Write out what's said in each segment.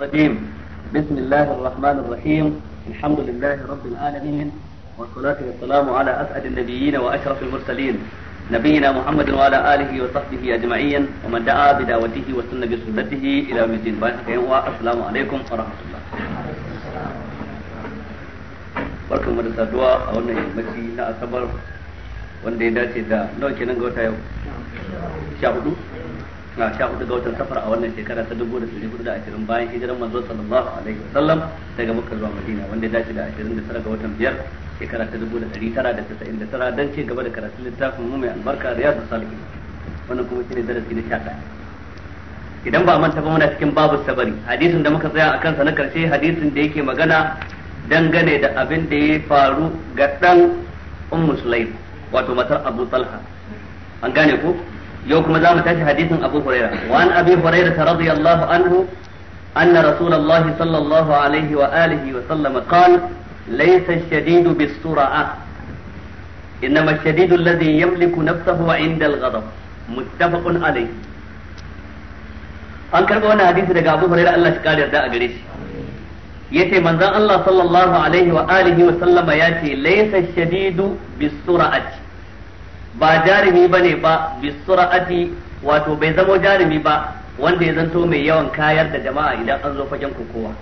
الرجيم بسم الله الرحمن الرحيم الحمد لله رب العالمين والصلاة والسلام على أسعد النبيين وأشرف المرسلين نبينا محمد وعلى آله وصحبه أجمعين ومن دعا بدعوته وسن بسنته إلى يوم الدين السلام عليكم ورحمة الله barkan da saduwa a wannan yammaci na asabar wanda ya dace da nawa kenan ga wata yau sha hudu na sha hudu ga watan safar a wannan shekara ta dubu da dari hudu da ashirin bayan hijiran manzo sallallahu alaihi wa sallam daga makka zuwa madina wanda ya dace da ashirin da tara ga watan biyar shekara ta dubu da dari tara da tasa'in da tara don ci gaba da karatun littafin mu mai albarka riyadu salihin wannan kuma shine darasi na sha ɗaya idan ba manta ba muna cikin babu sabari hadisin da muka tsaya a kansa na karshe hadisin da yake magana dangane da abin da ya faru ga ɗan ummu sulaim wato matar abu talha an gane ko yau kuma za mu tashi hadisin abu huraira wa an abi huraira radiyallahu anhu anna rasulullahi sallallahu alaihi wa alihi wa sallam qala laysa ash-shadidu bis-sur'a إنما الشديد الذي يملك نفسه عند الغضب متفق عليه an karɓi wannan hadisi daga Abu Hurairah Allah shi kare yarda a gare shi yace manzon Allah sallallahu alaihi wa alihi wa sallama yace laysa shadidu bisur'ati ba jarumi bane ba bisur'ati wato bai zamo jarumi ba wanda ya zanto mai yawan kayar da jama'a idan an zo fagen kokowa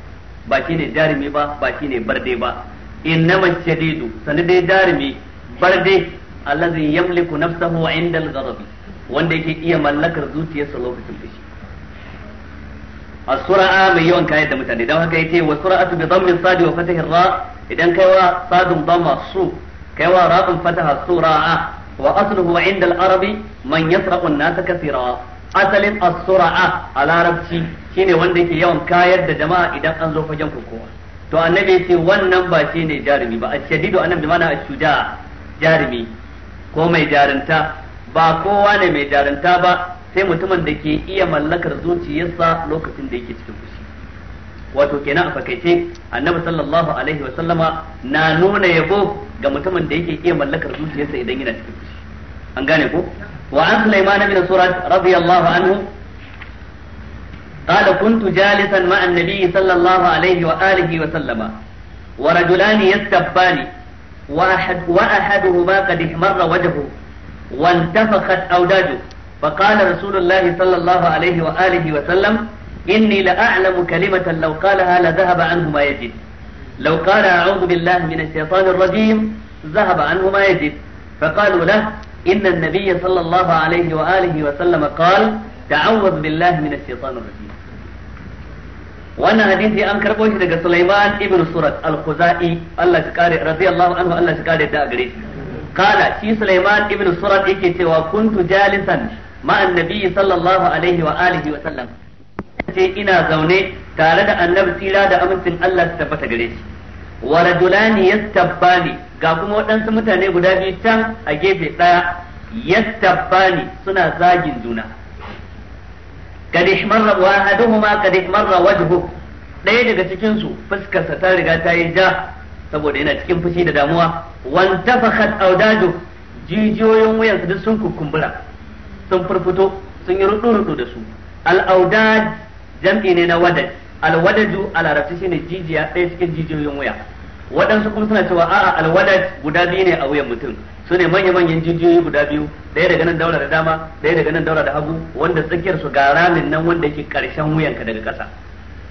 ba ne jarumi ba ba ne barde ba man shadidu sanin dai jarumi barde allazi yamliku nafsahu inda al-ghadab wanda yake iya mallakar zuciyarsa lokacin fushi as-sura'a mai yawan kayar da mutane dan haka yace wa sura'atu bi dhammi sadi wa fatahi ra idan kaiwa sadun dhamma su kaiwa ra'un fataha sura'a wa asluhu inda al-arabi man yasra'u an-nas kathira asalin asura'a a larabci shine wanda yake yawan kayar da jama'a idan an zo fagen kokowa to annabi ce wannan ba shine jarumi ba ash-shadidu anan bi ma'ana jarumi ko mai ba kowa mai jarunta ba sai mutumin da ke iya mallakar zuciyarsa lokacin da yake cikin fushi wato kenan a fakaice annabi sallallahu alaihi sallama na nuna yabo ga mutumin da yake iya mallakar zuciyarsa idan yana cikin fushi an wa an sulaiman bin surat radiyallahu anhu qala kuntu jalisan ma'a an-nabi sallallahu alayhi wa alihi wa sallama wa rajulan yastabbani wa ahad wa qad ihmarra wajhu wa intafakhat awdaju فقال رسول الله صلى الله عليه وآله وسلم إني لأعلم كلمة لو قالها لذهب عنه ما يجد لو قال أعوذ بالله من الشيطان الرجيم ذهب عنه ما يجد فقالوا له إن النبي صلى الله عليه وآله وسلم قال تعوذ بالله من الشيطان الرجيم wannan hadisi an karbo shi daga Sulaiman ibn Surat al-Khuzai Allah shi kare Allah shi kare da a gare shi kala shi Sulaiman ibn Surat yake cewa kuntu jalisan ma annabi sallallahu alaihi wa alihi wa sallam ce ina zaune tare da annabi tsira da amincin Allah su tabbata gare shi wa rajulani yastabbani ga kuma waɗansu mutane guda biyu can a gefe ɗaya yastabbani suna zagin juna kad ihmarra wa ahaduhuma kad ihmarra wajhu ɗaya daga cikin su fuskarsa ta riga ta yi ja saboda yana cikin fushi da damuwa wan tafakhat awdaju jijiyoyin wuyansa duk sun kukumbura sun furfuto sun yi rudu-rudu da su al-awdaj jam'i ne na wadaj al-wadaju a larabci shine jijiya ɗaya cikin jijiyoyin wuya waɗansu kuma suna cewa a'a alwalad guda biyu ne a wuyan mutum su ne manya-manyan jijiyoyi guda biyu ɗaya daga nan daura da dama ɗaya daga nan daura da hagu wanda tsakiyar su ga ramin nan wanda yake ƙarshen wuyanka daga ƙasa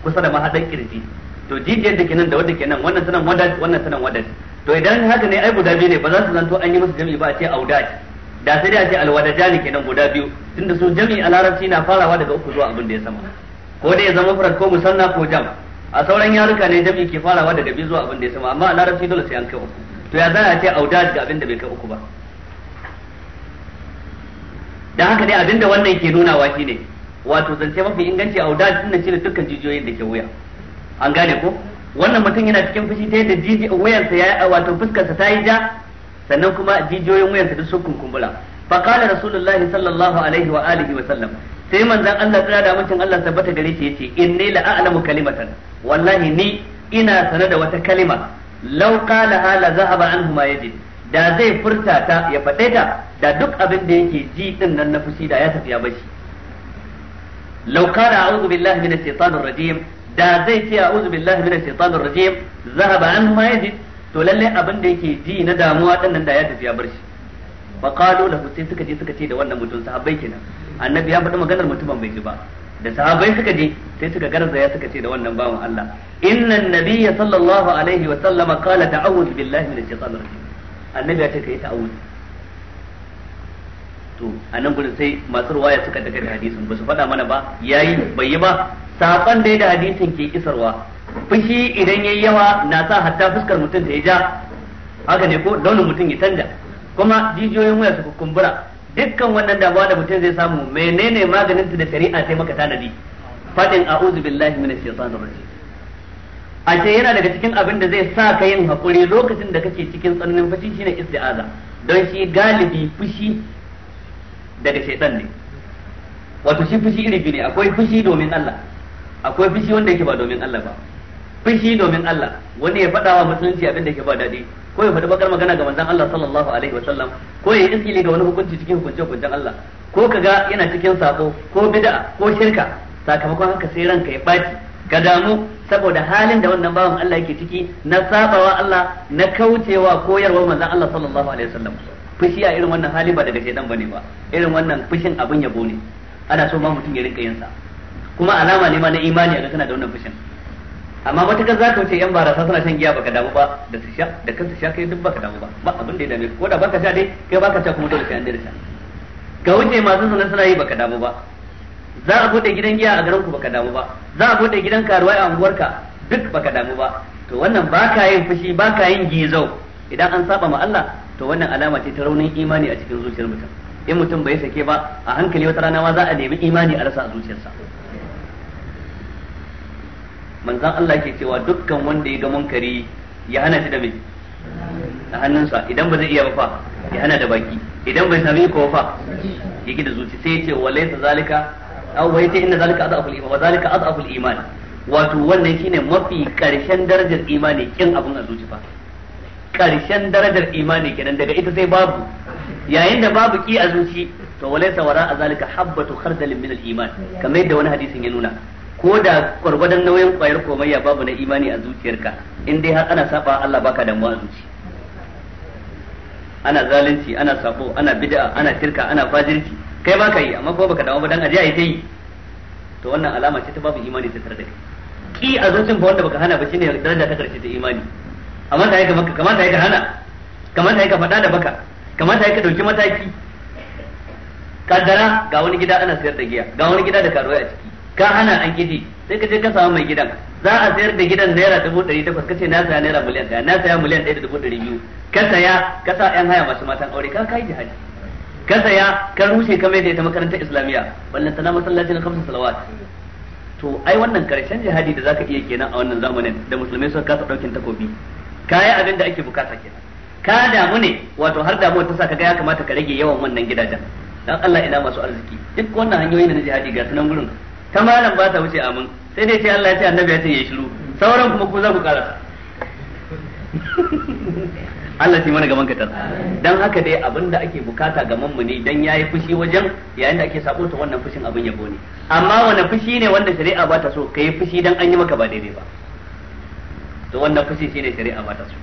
kusa da mahaɗar kirji to jijiyar da ke nan da wadda ke nan wannan sanan wadad wannan sanan wadad to idan haka ne ai guda biyu ne ba za su zanto an yi musu jami'i ba a ce audad da sai dai a ce alwadajani kenan guda biyu tunda su jami'i a larabci na farawa daga uku zuwa abin da ya sama ko dai ya zama farat ko musanna ko jam' a sauran yaruka ne jam'i ke farawa da dabi zuwa abin da ya sama amma a larabci dole sai an kai uku to ya za a ce audad ga abin da bai kai uku ba dan haka dai abin da wannan ke nuna wa shine wato zance mafi inganci audad din shine dukkan jijiyoyin da ke wuya an gane ko wannan mutum yana cikin fushi ta yadda jiji sa ya wato fuskarsa ta yi ja sannan kuma jijiyoyin wayarsa duk sun kunkumbura fa qala rasulullahi sallallahu alaihi wa alihi wa sallam sai manzan Allah tsira da mutum Allah tabbata gare shi yace inni la a'lamu kalimatan wallahi ni ina sanar da wata kalima law qalaha la zahaba anhu ma yajid da zai furta ta ya faɗe ta da duk abin da yake ji din nan na fushi da ya tafi ya bashi law qala a'udhu billahi minash shaitanir rajim da zai ce a'udhu billahi minash shaitanir rajim zahaba anhu ma yajid to lalle abin da yake ji na damuwa din nan da ya tafi ya bar shi fa qalu lahu sai suka je suka ce da wannan mutum sahabbai kenan annabi ya faɗi maganar mutumin bai ji ba da sahabbai suka je sai suka ya suka ce da wannan bawan Allah innan nabiyya sallallahu alaihi wa sallama qala ta'awuz billahi minash shaitanir rajim annabi ya ce kai ta'awuz to anan gurin sai masu ruwaya suka daga da hadisin ba su faɗa mana ba yayi bai yi ba saban da da hadisin ke isarwa fushi idan yayi yawa na sa hatta fuskar mutum ta ya ja haka ne ko launin mutum ya canja kuma jijiyoyin waya su kumbura dukkan wannan damuwa da mutum zai samu menene maganin ta da shari'a sai maka tanadi fadin a'udhu billahi minash shaitanir rajim a ce yana daga cikin abin da zai sa ka yin hakuri lokacin da kake cikin tsananin fushi shine isti'aza don shi galibi fushi daga shaitan ne wato shi fushi iri biyu ne akwai fushi domin Allah akwai fushi wanda yake ba domin Allah ba fushi domin Allah wani ya faɗawa wa musulunci abin da yake ba daɗi ko ya faɗi bakar magana ga manzon Allah sallallahu alaihi wa sallam ko ya iskili ga wani hukunci cikin hukunce hukuncen Allah ko kaga yana cikin sako ko bid'a ko shirka sakamakon haka sai ranka ya baci ka damu saboda halin da wannan bawan Allah yake ciki na sabawa Allah na kaucewa koyarwar manzon Allah sallallahu alaihi wa sallam. fushi a irin wannan hali ba daga shaidan bane ba irin wannan fushin abin yabo ne ana so ma mutum ya rinka yin sa kuma alama ne ma na imani a kana da wannan fushin amma matakan za ka wuce yan barasa suna shan giya baka damu ba da su sha da kansu sha kai duk baka damu ba ba abin da ya dame ko da baka sha dai kai baka sha kuma dole sai an daina sha ga wuce masu sanar suna yi baka damu ba za a bude gidan giya a garin ku baka damu ba za a bude gidan karuwa a unguwarka duk baka damu ba to wannan baka yin fushi baka yin gizau idan an saba ma Allah to wannan alama ce ta raunin imani a cikin zuciyar mutum in mutum bai sake ba a hankali wata rana ma za a nemi imani a rasa a zuciyarsa manzan Allah ke cewa dukkan wanda ya ga munkari ya hana shi da mai a hannunsa idan ba zai iya ba fa ya hana da baki idan bai sami ko fa yake da zuci sai ya ce walaysa zalika aw wai sai inna zalika adaful iman wa zalika adaful iman wato wannan shine mafi karshen darajar imani kin abun a zuci fa karshen darajar imani kenan daga ita sai babu yayin da babu ki a zuci to walaysa wara a zalika habbatu khardalin min al iman kamar yadda wani hadisin ya nuna ko da gwargwadon nauyin kwayar komayya babu na imani a zuciyarka in dai har ana saba Allah baka damuwa a zuci ana zalunci ana sako ana bid'a ana shirka ana fajirci kai baka yi amma ko baka damu ba dan aje ayi ta yi to wannan alama ce ta babu imani ta tare da kai ki a zuciyin ba wanda baka hana ba shine daraja ta karshe ta imani amma ta yi ka maka kamata yi ka hana kamata yi ka faɗa da baka kamata yi ka dauki mataki kadara ga wani gida ana sayar da giya ga wani gida da karuwa a ciki ka hana an gidi sai ka je ka samu mai gidan za a sayar da gidan naira dubu ɗari takwas kace na saya naira miliyan ɗaya na saya miliyan ɗaya da dubu ɗari biyu ka saya ka sa ƴan haya masu matan aure ka kai jihadi ka saya ka rushe ka mai da ita makarantar islamiyya ballan tana masallacin kamsa salawat to ai wannan karshen jihadi da zaka iya kenan a wannan zamanin da musulmai suka kasa ɗaukin takobi kayi abin da ake bukata kenan ka damu ne wato har damuwar ta sa ka ga ya kamata ka rage yawan wannan gidajen dan Allah ina masu arziki duk wannan hanyoyin da na jihadi ga sunan gurin ta malam ba ta wuce amin sai dai ce Allah ya ce annabi ya ce ya shiru sauran kuma ku za ku kara Allah shi mana gaban katar dan haka dai abinda ake bukata ga ne dan yayi fushi wajen yayin da ake sako ta wannan fushin abin yabo ne amma wannan fushi ne wanda shari'a ba ta so kai fushi dan an yi maka ba daidai ba to wannan fushi shine shari'a ba ta so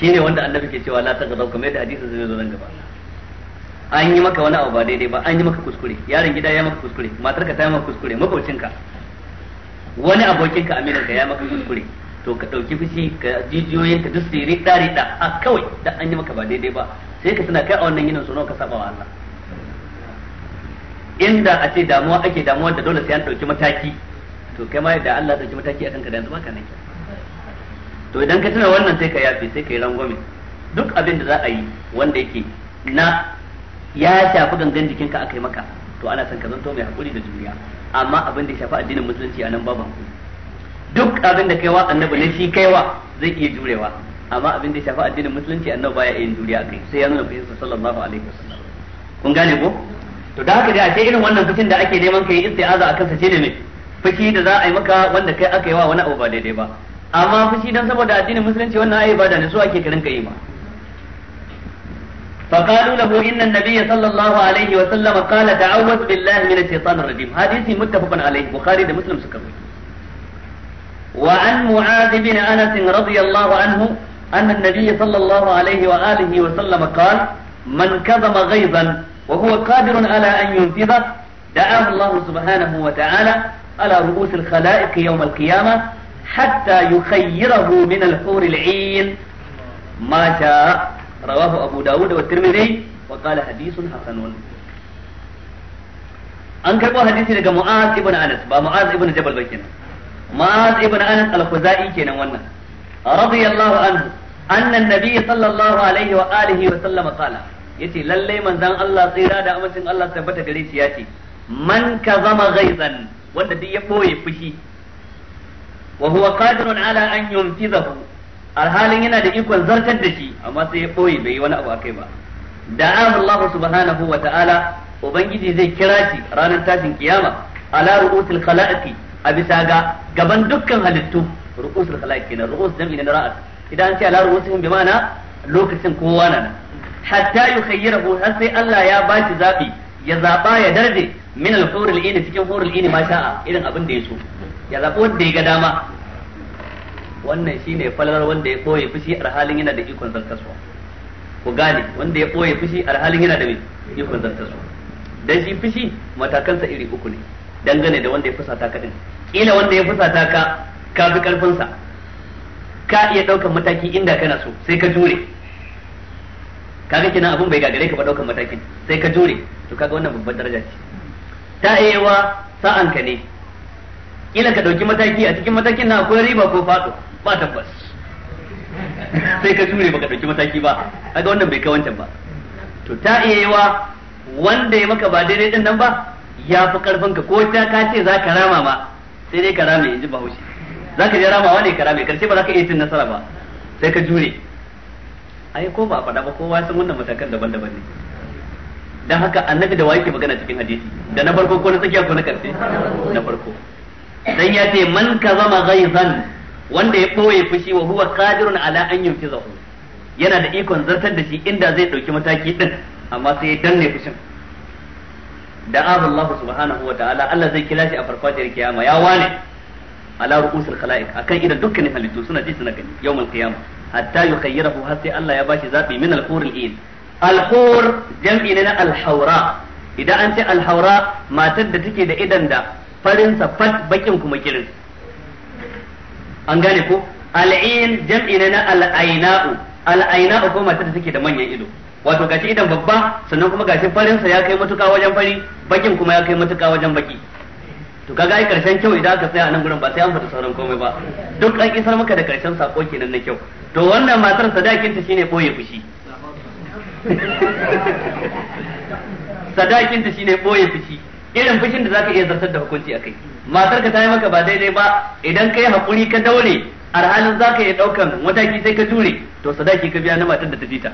shine wanda annabi ke cewa la ta gaba kuma da hadisin zai zo nan gaba an yi maka wani abu ba daidai ba an yi maka kuskure yaron gida ya maka kuskure matarka ta yi maka kuskure makocinka wani abokinka aminanka ya maka kuskure to ka ɗauki fushi ka jijiyoyin ka duk siri ɗari a kawai da an yi maka ba daidai ba sai ka suna kai a wannan yinin sunan ka saba wa Allah inda a ce damuwa ake damuwa da dole sai an ɗauki mataki to kai ma da Allah dauki mataki akan ka da yanzu baka nan to idan ka tuna wannan sai ka yafe sai ka yi rangwame duk abin da za a yi wanda yake na ya shafi gangan jikinka aka yi maka to ana son ka zanto mai hakuri da juriya amma abin da shafi addinin musulunci a nan babu hakuri duk abin da kai wa annabi ne shi kai wa zai iya jurewa amma abin da shafi addinin musulunci annabi baya iya juriya kai sai ya nuna fahimta sallallahu alaihi wasallam kun gane ko to da haka dai a ce irin wannan fushin da ake neman kai isti'aza akan sa ce ne fushi da za a yi maka wanda kai aka yi wa wani abu ba daidai ba amma fushi dan saboda addinin musulunci wannan ai da ne so ake karin kai ma فقالوا له إن النبي صلى الله عليه وسلم قال تعوذ بالله من الشيطان الرجيم حديث متفق عليه البخاري ومسلم مسلم سكوي وعن معاذ بن أنس رضي الله عنه أن النبي صلى الله عليه وآله وسلم قال من كظم غيظا وهو قادر على أن ينفذه دعاه الله سبحانه وتعالى على رؤوس الخلائق يوم القيامة حتى يخيره من الحور العين ما شاء rawahu abu dawud wa tirmidhi wa qala hadithun hasanun an karbo hadisi daga mu'az ibn anas ba mu'az ibn jabal ba kenan mu'az ibn anas al-khuzai kenan wannan radiyallahu anhu anna an-nabiy sallallahu alaihi wa alihi wa sallam qala yace lallai manzon Allah tsira da amincin Allah tabbata gare shi ce. man kazama ghaizan wanda duk ya ɓoye fushi wa huwa ala an yunfizahu alhalin yana da ikon zartar da shi amma sai ya boye bai yi wani abu akai ba da Allah subhanahu wa ta'ala ubangiji zai kira shi ranar tashin kiyama ala ru'usil khalaiqi a bisa ga gaban dukkan halittu ru'usul khalaiqi na ru'us jam'i na idan an ce ala ru'usihim bi ma'ana lokacin kowa na nan hatta yukhayyirahu har sai Allah ya bashi zabi ya zaba ya darje min al-hurul ini cikin hurul ini ma sha'a irin abin da ya so ya zaba wanda ya ga dama wannan shi ne falalar wanda ya ɓoye fushi a halin yana da ikon zartaswa ku gane wanda ya ɓoye fushi a halin yana da ikon zartaswa dan shi fushi matakansa iri uku ne dangane da wanda ya fusata ka din kila wanda ya fusata ka ka bi ƙarfinsa, ka iya ɗaukar mataki inda kana so sai ka jure kaga kenan abun bai gagare ka ba ɗaukar matakin sai ka jure to kaga wannan babbar daraja ce ta ewa sa'an ka ne kila ka ɗauki mataki a cikin matakin na akwai riba ko faɗo. ba tabbas sai ka jure baka dauki mataki ba kaga wannan bai kai wancan ba to ta iya wa wanda ya maka ba daidai din nan ba ya fi karfin ka ko ta ka ce za ka rama ma sai dai ka rame in ji bahaushe za ka je ramawa ne ka rame karshe ba za ka iya cin nasara ba sai ka jure ai ko ba faɗa ba kowa san wannan matakan daban-daban ne dan haka annabi da wa yake magana cikin hadisi da na farko ko na tsakiya ko na karshe na farko dan ya ce man kazama ghaizan wanda ya ɓoye fushi wa huwa qadirun ala an yunfizahu yana da ikon zartar da shi inda zai ɗauki mataki din amma sai ya danne fushin da Allah subhanahu wa ta'ala Allah zai kira shi a farfajiyar kiyama ya wane ala ru'usul khalaiq akan idan dukkanin halittu suna ji suna gani yawmal qiyamah hatta yukhayyirahu har sai Allah ya bashi zabi min al-hurul ain al-hur jam'i ne na al idan an ce al-haura matar da take da idan da farin sa fat bakin kuma kirin an gane ko al'in jam'i ne na al'aina'u al'aina'u ko matar da take da manyan ido wato gashi idan babba sannan kuma gashi farin sa ya kai matuka wajen fari bakin kuma ya kai matuka wajen baki to kaga ai karshen kyau idan aka tsaya a nan gurin ba sai an fata sauran komai ba duk an isar maka da karshen sako kenan na kyau to wannan matar sadakin ta shine boye fushi sadakin ta shine boye fushi irin fushin da zaka iya zartar da hukunci akai matar ka ta yi maka ba daidai ba idan kai hakuri ka daure alhalin za ka yi ɗaukan mataki sai ka jure to sadaki ka biya na matar da ta fita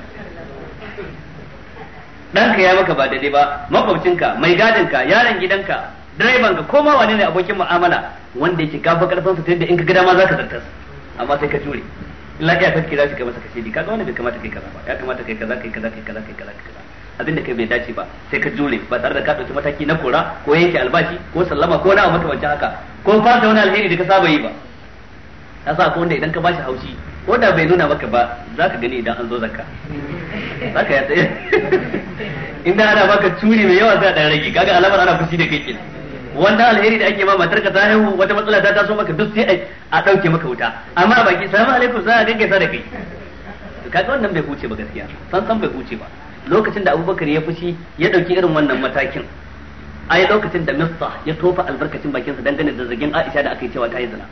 Dan ka ya maka ba daidai ba makwabcinka mai gadinka yaron gidanka direban ka koma wani ne abokin mu'amala wanda yake gafa karfin sa ta da in ka ga dama za ka zartar amma sai ka jure illa iya kake za shi ka masa kashe kaga wani bai kamata kai kaza ba ya kamata kai kaza kai kaza kai kaza kai kaza kai kaza abinda kai bai dace ba sai ka jure ba tare da ka dauki mataki na kora ko yanke albashi ko sallama ko na wancan haka ko fasa wani alheri da ka saba yi ba ta sa ko wanda idan ka bashi haushi ko da bai nuna maka ba za ka gani idan an zo zakka za ka yatsa inda ana baka curi mai yawa za a rage kaga alamar ana fushi da kai kenan wanda alheri da ake ma matar ka ta haihu wata matsala ta taso maka duk sai a dauke maka wuta amma baki salamu alaikum za a gaggaisa da kai kaga wannan bai huce ba gaskiya san san bai huce ba lokacin da abubakar ya fushi ya dauki irin wannan matakin a yi lokacin da mista ya tofa albarkacin bakinsa dangane da zargin aisha da aka yi cewa ta yi zina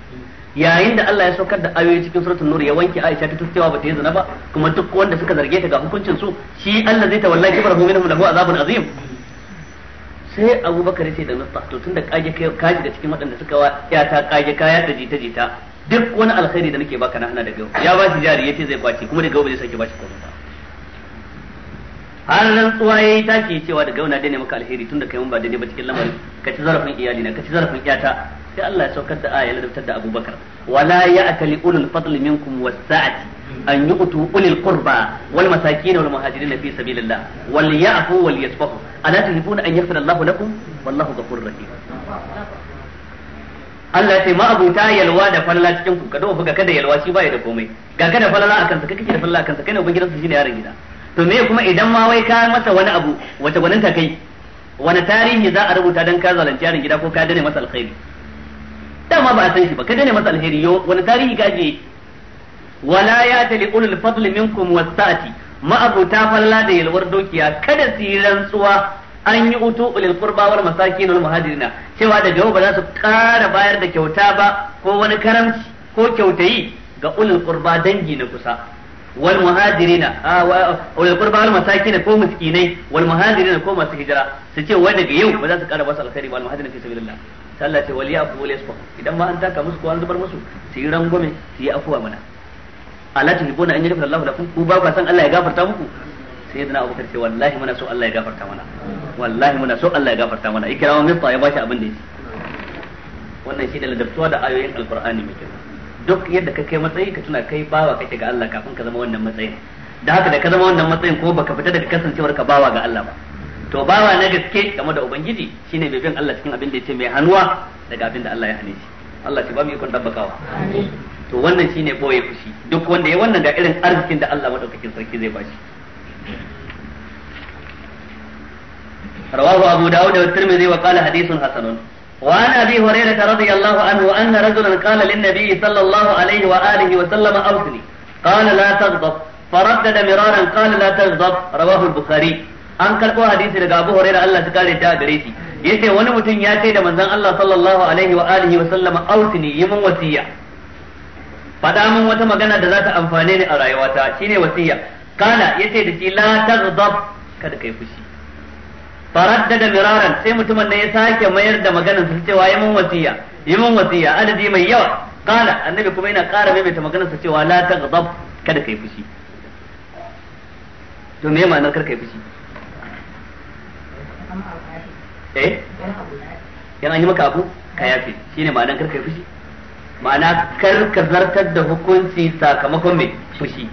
yayin da Allah ya saukar da ayoyi cikin suratul nur ya wanke Aisha ta ba bata yi zina ba kuma duk wanda suka zarge ta ga hukuncin su shi Allah zai tawalla kibrahu minhum lahu azabun azim sai Abubakar ya ce da mista to tunda kage kai kaji da cikin waɗanda suka wa ya ta kage kaya da jita jita duk wani alkhairi da nake baka na hana da gawo ya ba shi jari yace zai kwace kuma da gawo ba zai sake ba shi komai har rantsuwa yayi tashi cewa da gauna dane maka alheri tunda kai mun ba dane ba cikin lamarin ka ci zarafin iyali na ka ci zarafin iyata sai Allah ya saukar da aya ya da Abubakar wala ya ya'kali ulul fadli minkum was-sa'ati أن يؤتوا أولي القربى والمساكين والمهاجرين في سبيل الله وليعفوا وليصفحوا ألا تحبون أن يغفر الله لكم والله غفور رحيم Allah ya sai ma abuta yalwa da falala cikin ku kada ku ga kada yalwa shi baya da komai ga kada falala akan sa kake da falala akan sa kai ne ubangidansa shine yaron gida to me kuma idan ma wai ka masa wani abu wace ta kai wani tarihi za a rubuta don ka zalunci yaron gida ko ka dane masa alkhairi dama ba a san shi ba ka dane masa alkhairi yo wani tarihi ka je wala ya tali ulul fadl minkum wasati ma'abuta falla da yalwar dokiya kada su yi rantsuwa an yi utu ulil qurba wal masakin wal muhajirina cewa da yau ba za su ƙara bayar da kyauta ba ko wani karamci ko kyautayi ga ulul qurba dangi na kusa wal muhajirina wal qurba wal masakin ko miskinai wal muhajirina ko masu hijira su ce wai daga yau ba za su kara basu alkhairi wal muhajirina fi sabilillah sai Allah ce wal yafu wal yasfa idan ma an taka musu ko an zubar musu su yi rangwame su yi afuwa mana Allah ta hibona an yi gafara Allah lakum ku ba ku san Allah ya gafarta muku Sayyidina yana Abu Bakar ce wallahi muna so Allah ya gafarta mana wallahi muna so Allah ya gafarta mana ikramu mista ya bashi abin da yake wannan shi da ladabtuwa da ayoyin alqur'ani mai kyau duk yadda ka kai matsayi ka tuna kai bawa kake ga Allah kafin ka zama wannan matsayin da haka da ka zama wannan matsayin ko baka fita daga kasancewar ka bawa ga Allah ba to bawa na gaske game da ubangiji shine mai bin Allah cikin abin da yace mai hannuwa daga abin da Allah ya hane shi Allah shi ba mu ikon dabbakawa to wannan shine boye fushi duk wanda ya wannan ga irin arzikin da Allah madaukakin sarki zai bashi rawahu abu dawud da tirmidhi wa qala hadithun hasanun وعن أبي هريرة رضي الله عنه أن رجلا قال للنبي صلى الله عليه وآله وسلم أوصني قال لا تغضب فردد مرارا قال لا تغضب رواه البخاري an karbo hadisi daga Abu Huraira Allah ta kare ta gare shi yace wani mutum ya ce da manzon Allah sallallahu alaihi wa alihi wa sallama ausini yi min wasiya fada min wata magana da za ta amfane ni a rayuwata shine wasiya kana yace da shi la taghdab kada kai fushi faraddada miraran sai mutumin ne ya sake mayar da maganar sa cewa yi mun wasiya yi mun wasiya adadi mai yawa kala annabi kuma yana ƙara maimaita maganar sa cewa la ta ghadab kada kai fushi to me ma'anar kar kai fushi eh yana yi maka abu ka shine ma'anar kar kai fushi ma'ana kar ka zartar da hukunci sakamakon mai fushi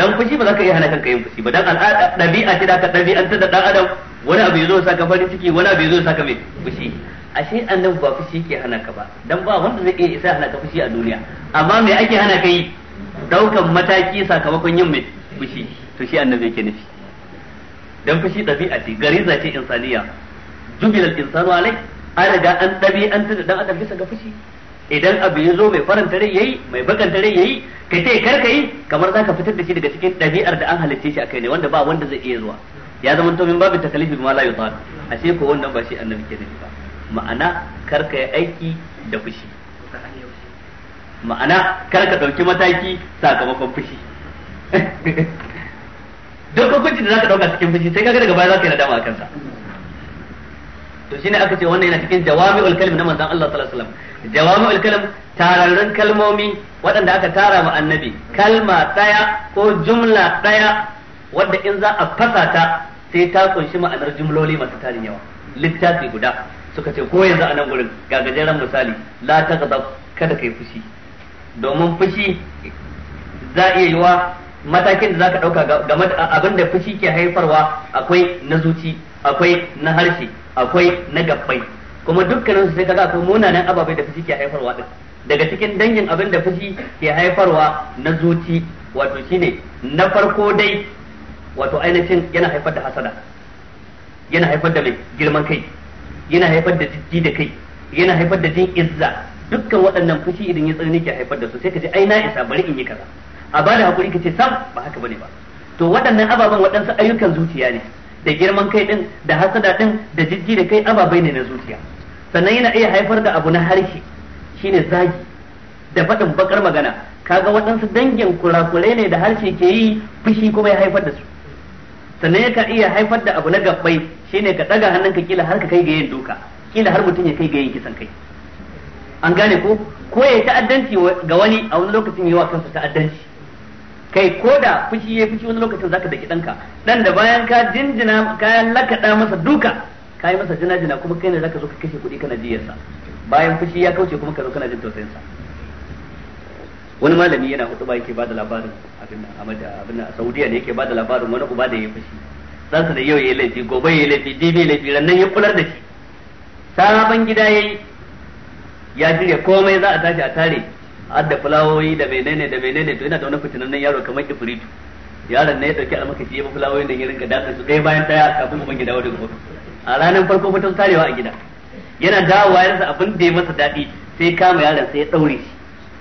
dan fushi ba za ka iya hana kanka yin fushi ba dan al'ada dabi'a ce da ka dabi'antar da dan adam wani abu ya zo saka farin ciki wani abu ya zo saka mai fushi ashe annabi ba fushi ke hana ka ba dan ba wanda zai iya isa hana ka fushi a duniya amma me ake hana ka yi daukan mataki sakamakon yin mai fushi to shi annabi ke nufi dan fushi dabi'a ce gariza ce insaniya jubilal insanu alai an riga an dabi'anta da dan adam bisa ga fushi idan abu ya zo mai faranta rai yayi mai bakanta rai yayi ka ce kar ka yi kamar zaka fitar da shi daga cikin dabi'ar da an halicce shi akai ne wanda ba wanda zai iya zuwa ya zama to min babu takalifi ma la yutal ashe ko wannan ba shi annabi ke nufi ba ma'ana kar ka yi aiki da fushi ma'ana kar ka dauki mataki sakamakon fushi duk hukunci da zaka dauka cikin fushi sai kaga daga baya zaka yi nadama akan sa to shine aka ce wannan yana cikin jawami'ul kalim na manzon Allah sallallahu alaihi wasallam jawami'ul kalim tararrun kalmomi waɗanda aka tara wa annabi kalma daya ko jumla daya wadda in za a fasa ta sai ta kunshi ma'anar jumloli masu tarin yawa littafi guda suka ce ko yanzu a nan gurin ga gajeren misali la ta kada kai fushi domin fushi za a iya yiwa matakin da zaka dauka game da abin da fushi ke haifarwa akwai na zuci akwai na harshe akwai na gabbai kuma dukkanin su sai kaga akwai munanan ababai da fushi ke haifarwa din daga cikin dangin abin da fushi ke haifarwa na zuci wato shine na farko dai wato ainihin yana haifar da hasada yana haifar da mai girman kai yana haifar da jijji da kai yana haifar da jin izza dukkan waɗannan fushi idan ya tsanani ke haifar da su sai ka ce ai na isa bari in yi kaza a bada hakuri ka ce sam ba haka bane ba to waɗannan ababen waɗansu ayyukan zuciya ne da girman kai din da hasada din da jijji da kai ababai ne na zuciya sannan yana iya haifar da abu na harshe shine zagi da faɗin bakar magana kaga waɗansu dangin kurakurai ne da harshe ke yi fushi kuma ya haifar da su sannan ya ka iya haifar da abu na gabbai shine ka daga ka kila har ka kai ga yin duka kila har mutum ya kai ga yin kisan kai an gane ko ko ya ta'addanci ga wani a wani lokacin yawa kansa ta'addanci kai ko da fushi ya fushi wani lokacin zaka daki danka dan da bayan ka jinjina ka lakada masa duka ka yi masa jina-jina kuma kai ne zaka zo ka kashe kuɗi kana jiyarsa bayan fushi ya kauce kuma ka zo kana jin tausayinsa wani malami yana hutuba yake bada labarin abin nan abin nan Saudiya ne yake bada labarin wani uba da ya fashi dan sa da yau yayi laifi gobe yayi laifi dibi laifi rannan ya kular da shi sabon gida yayi ya jira komai za a tashi a tare adda fulawoyi da menene da menene to yana da wani nan yaro kamar ifritu yaron ne ya dauki almakaci ya ba fulawoyin da ya rinka dasa su ɗaya bayan ɗaya kafin uban gida daga ofis a ranar farko fitan tarewa a gida yana dawowa ya abin da ya masa daɗi sai kama yaron sai ya daure shi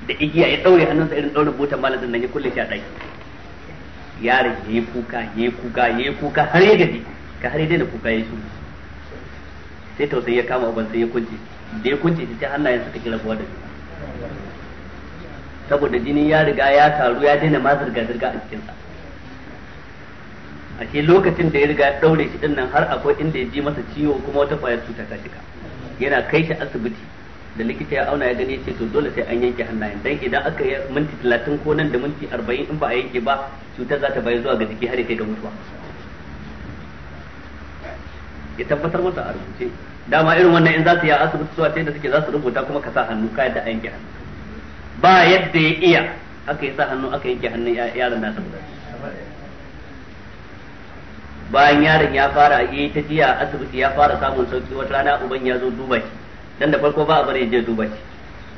da igiya ya daure hannunsa irin daure butan malam din nan ya kulle shi a daki yare ya yi kuka ya yi kuka ya yi kuka har ya gaji ka har ya daina kuka ya shi sai tausayi ya kama uban sai ya kunce da ya kunce sai hannayen suka kira kuwa da saboda jini ya riga ya taru ya daina ma zirga zirga a cikinsa a ce lokacin da ya riga ya daure shi din nan har akwai inda ya ji masa ciwo kuma wata kwayar cuta ta shiga yana kai shi asibiti da likita ya auna ya gani ce to dole sai an yanke hannayen dan idan aka yi minti talatin ko nan da minti arba'in in ba a yanke ba cutar za ta bayar zuwa ga jiki har ya kai ga mutuwa ya tabbatar masa a rubuce dama irin wannan in za su yi a asibiti zuwa ta yadda suke za su rubuta kuma ka sa hannu ka yadda a yanke hannu ba yadda ya iya aka yi sa hannu aka yanke hannun yaron nasa guda bayan yaron ya fara yi ta jiya asibiti ya fara samun sauki wata rana uban ya zo duba shi dan da farko ba a bari je duba shi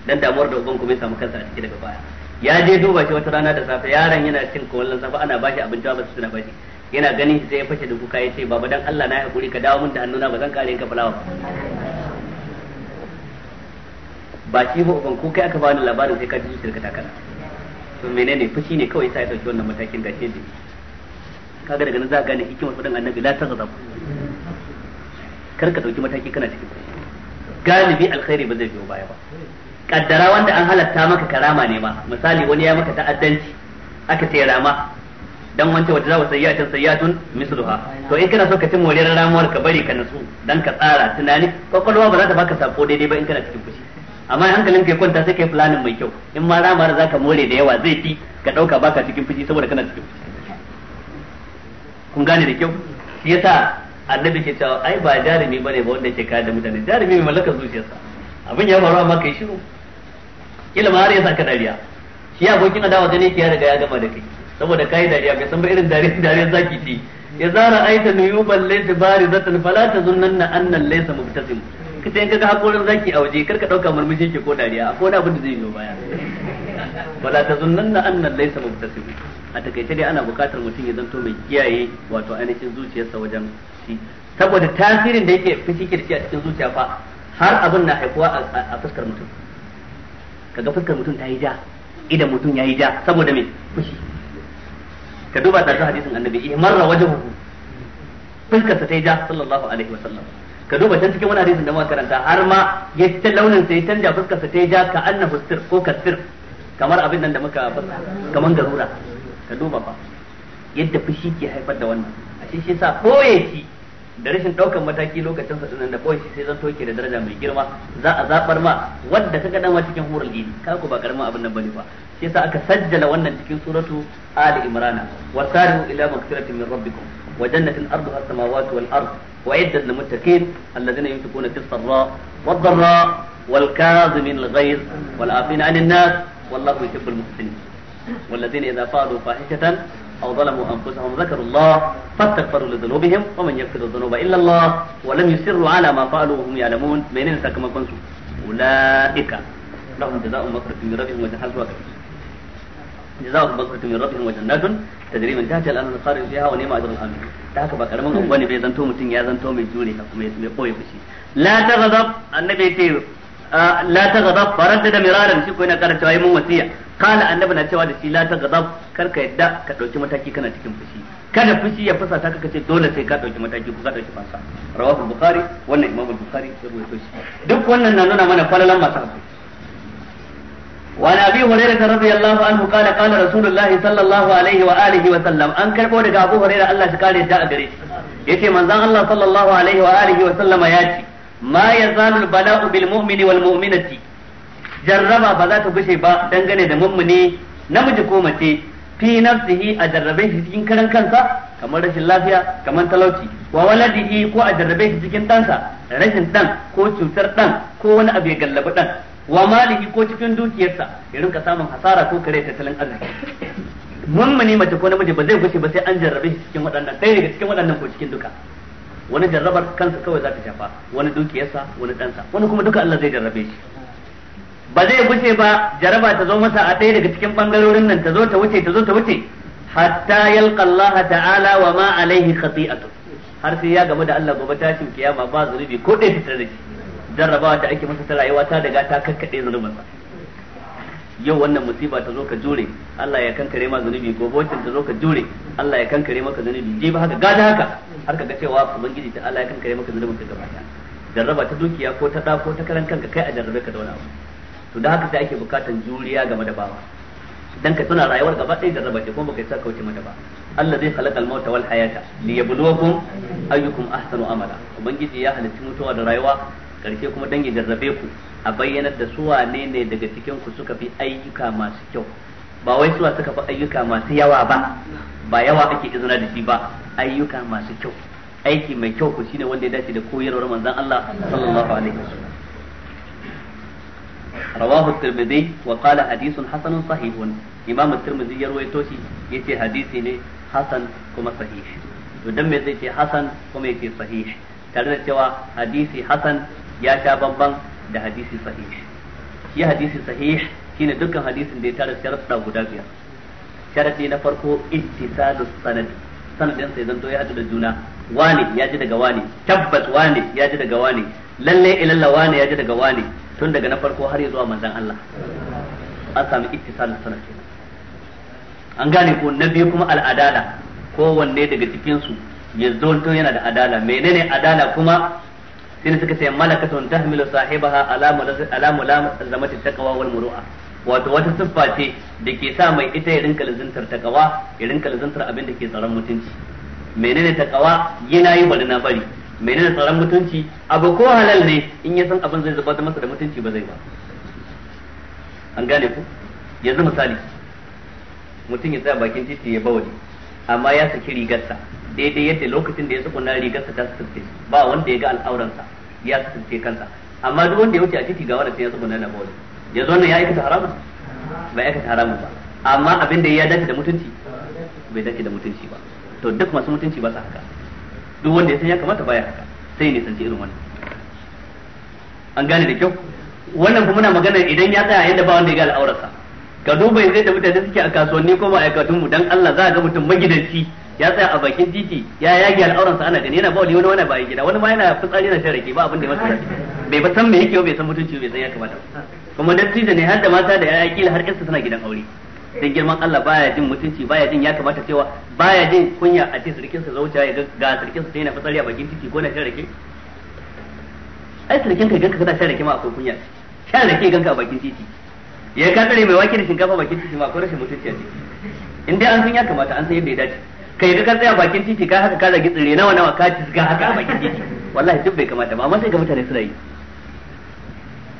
dan damuwar da uban kuma ya samu kansa a ciki daga baya ya je duba shi wata rana da safe yaron yana cin kawallan safe ana bashi abinci ba su suna bashi yana ganin shi sai ya fashe da kuka ya ce baba dan Allah na ya hakuri ka dawo min da hannuna ba zan kare ka fulawa ba shi ba uban ko kai aka bani labarin sai ka ji shi ka takana to menene fushi ne kawai sai ya dauki wannan matakin gashi ne kaga daga nan za ka gane hikimar fadan annabi la gaza kar ka dauki mataki kana cikin galibi alkhairi ba zai biyo baya ba kaddara wanda an halatta maka karama ne ba misali wani ya maka ta'addanci aka ce rama dan wance wata zawa sayyatin sayyatun misluha to in kana so ka ci moriyar ramuwar ka bari ka nasu dan ka tsara tunani kwakwalwa ba za ta baka sako daidai ba in kana cikin fushi amma hankalin ka kwanta sai ka yi planning mai kyau in ma ramar za ka more da yawa zai fi ka dauka baka cikin fushi saboda kana cikin fushi kun gane da kyau shi yasa annabi ke cewa ai ba jarumi bane ba wanda ke kayar da mutane jarumi mai mallakar zuciyarsa abin ya faru amma kai shiru kila ma har ya saka dariya shi abokin adawa ne ke ya riga ya gama da kai saboda kai dariya bai san ba irin dariya dariya zaki ce ya zara aita nuyuban laysa barizatan fala tazunnanna annan laysa mubtasim kace in kaga hakorin zaki a waje kar karka dauka murmushi ke ko dariya akwai wani abin da zai zo baya wala na annan laisa mubtasim a takaice dai ana buƙatar mutum ya zanto mai kiyaye wato ainihin zuciyarsa wajen shi saboda tasirin da yake fushi shi a cikin zuciya fa har abin na haifuwa a fuskar mutum kaga fuskar mutum ta yi ja idan mutum ya yi ja saboda me fushi ka duba da hadisin annabi ihmarra wajhuhu fuskarsa ta yi ja sallallahu alaihi wa sallam ka duba can cikin wani hadisin da muka karanta har ma ya ta launin sai canja fuskar sa ta ja ka annahu sir ko kasir kamar abin nan da muka fasa kamar garura ka duba ba yadda fushi ke haifar da wannan ashe shi yasa koye shi da rashin ɗaukar mataki lokacin sa nan da koye shi sai zan toke da daraja mai girma za a zabar ma wanda kaga dama cikin hurul jini kaku ba karamin abin nan bane ba shi yasa aka sajjala wannan cikin suratu ali imrana wa sari'u ila maghfiratin min rabbikum wa jannatin arduha as-samawati wal ard وعدة للمتقين الذين ينفقون في السراء والضراء والكاظمين الغيظ والعافين عن الناس والله يحب المحسنين والذين إذا فعلوا فاحشة أو ظلموا أنفسهم ذكروا الله فاستغفروا لذنوبهم ومن يغفر الذنوب إلا الله ولم يسروا على ما فعلوا وهم يعلمون من ينسى كما كنتم أولئك لهم جزاء مغفرة من ربهم وجنات جزاء مغفرة من ربهم وجنات تجري من تحتها الأنهار خالدين فيها ونعم أجر العاملين ta haka ba karamin abu bane bai zanto mutum ya zanto mai jure kuma koyi fushi la taghzab annabi ya ce la ta gaza farar da miraran shi ko yana kara cewa yi mun wasiya kala annabi na cewa da shi gaza kar ka yadda ka dauki mataki kana cikin fushi kada fushi ya fasa ta kace dole sai ka dauki mataki ko ka dauki fansa rawahu bukhari wannan imamu bukhari ya rawaito shi duk wannan na nuna mana falalan masu hakuri وعن ابي هريره رضي الله عنه قال قال رسول الله صلى الله عليه واله وسلم ان كربو daga abu hurairah Allah shi kare da gare yace manzon Allah sallallahu alaihi wa alihi wa sallama yace ma yazalul bala'u bil mu'mini wal mu'minati jarraba ba za ta gushe ba dangane da mummune namiji ko mace fi nafsihi a jarrabe shi cikin karan kansa kamar rashin lafiya kamar talauci wa waladihi ko a jarrabe shi cikin ɗansa rashin ɗan ko cutar ɗan ko wani abu ya gallabi ɗan wa malihi ko cikin dukiyarsa ya rinka samun hasara ko kare tattalin arziki mummuni mace ko namiji ba zai gushe ba sai an jarrabe shi cikin waɗannan ɗaya daga cikin waɗannan ko cikin duka wani jarrabar kansa kawai za ta shafa wani dukiyarsa wani ɗansa wani kuma duka Allah zai jarrabe shi ba zai wuce ba jaraba ta zo masa a ɗaya daga cikin ɓangarorin nan ta zo ta wuce ta zo ta wuce hatta yalqa Allah ta'ala wa ma alaihi khati'atu har sai ya gamu da Allah gobe ta shin kiyama ba zunubi ko ɗaya fitar da shi jarrabawa da ake masa ta rayuwa ta daga ta kakkaɗe zunubinsa yau wannan musiba ta zo ka jure Allah ya kankare ma zunubi gobe wancan ta zo ka jure Allah ya kankare maka zunubi je ba haka gada haka har ka ga cewa ubangiji ta Allah ya kankare maka zunubin ka gaba daya jarraba ta dukiya ko ta da ko ta karan kanka kai a jarrabe ka da wani abu to dan haka sai ake bukatan juriya game da bawa dan ka tuna rayuwar gaba ɗaya jarraba ce kuma baka sa kauce mata ba Allah zai khalaqal mauta wal hayata liyabluwakum ayyukum ahsanu amala ubangiji ya halicci mutuwa da rayuwa karshe kuma dangin ya jarrabe ku a bayyanar da su wane ne daga cikin ku suka fi ayyuka masu kyau ba wai suwa suka fi ayyuka masu yawa ba ba yawa ake izina da shi ba ayyuka masu kyau aiki mai kyau ku shine wanda ya dace da koyarwar manzon Allah sallallahu alaihi wasallam رواه الترمذي وقال حديث حسن صحيح امام الترمذي يروي توشي يتي حديثي ne hasan kuma sahih to dan me zai ce hasan kuma yace sahih tare da cewa hadisi hasan ya sha bamban da hadisi sahih shi hadisi sahih shine dukkan hadisin da ya tara sharuɗa guda biyar sharadi na farko ittisalu sanad sanadin sai zanto ya hadu da juna wani ya ji daga wani tabbas wani ya ji daga wani lalle ilalla wani ya ji daga wani tun daga na farko har zuwa manzon Allah an sami ittisalu sanad an gane ko na biyu kuma al'adala kowanne daga cikin su ya zonto yana da adala menene adala kuma shine suka ce malakatun tahmilu sahibaha ala mulamati taqwa wal muru'a wato wata siffa ce da ke sa mai ita ya rinka lazantar taqwa ya rinka lazantar abin da ke tsaron mutunci menene taqwa yana yi bari na bari menene tsaron mutunci abu ko halal ne in ya san abin zai zuba masa da mutunci ba zai ba an gane ku yanzu misali mutum ya tsaya bakin titi ya bawali amma ya saki rigarsa daidai yadda lokacin da ya sako na rigarsa ta sutunce ba wanda ya ga al'auransa ya sutunce kansa amma duk wanda ya wuce a titi ga wanda sai ya sako na bawali ya zo nan ya aikata haramun Ba ya aikata haramun ba amma abin da ya dace da mutunci bai dace da mutunci ba to duk masu mutunci ba su haka duk wanda ya san ya kamata baya haka sai ne sanci irin wannan an gane da kyau wannan kuma muna magana idan ya tsaya yadda ba wanda ya ga sa. ka duba yanzu da mutane suke a kasuwanni ko ma'aikatun mu dan Allah za a ga mutum magidanci ya tsaya a bakin titi ya yage al'auransa ana gani yana ba wani wani bayan gida wani ma yana fitsari na sharake ba abin da ya masa bai ba san me yake bai san mutunci bai san ya kamata kuma dattijo ne har da mata da yaya kila har kansa suna gidan aure dan girman Allah baya jin mutunci baya jin ya kamata cewa baya jin kunya a ce sarkin sa zauce ya ga sarkin sa yana fitsari a bakin titi ko na sharake ai sarkin ka ganka kana sharake ma akwai kunya sharake ganka a bakin titi ya ka tsare mai wake da shinkafa bakin titi ma akwai rashin mutunci a ciki in dai an san ya kamata an san yadda ya dace kai ka tsaya bakin titi ka haka ka zagi tsire nawa nawa ka ci ga haka bakin titi wallahi duk bai kamata ba amma sai ga mutane suna yi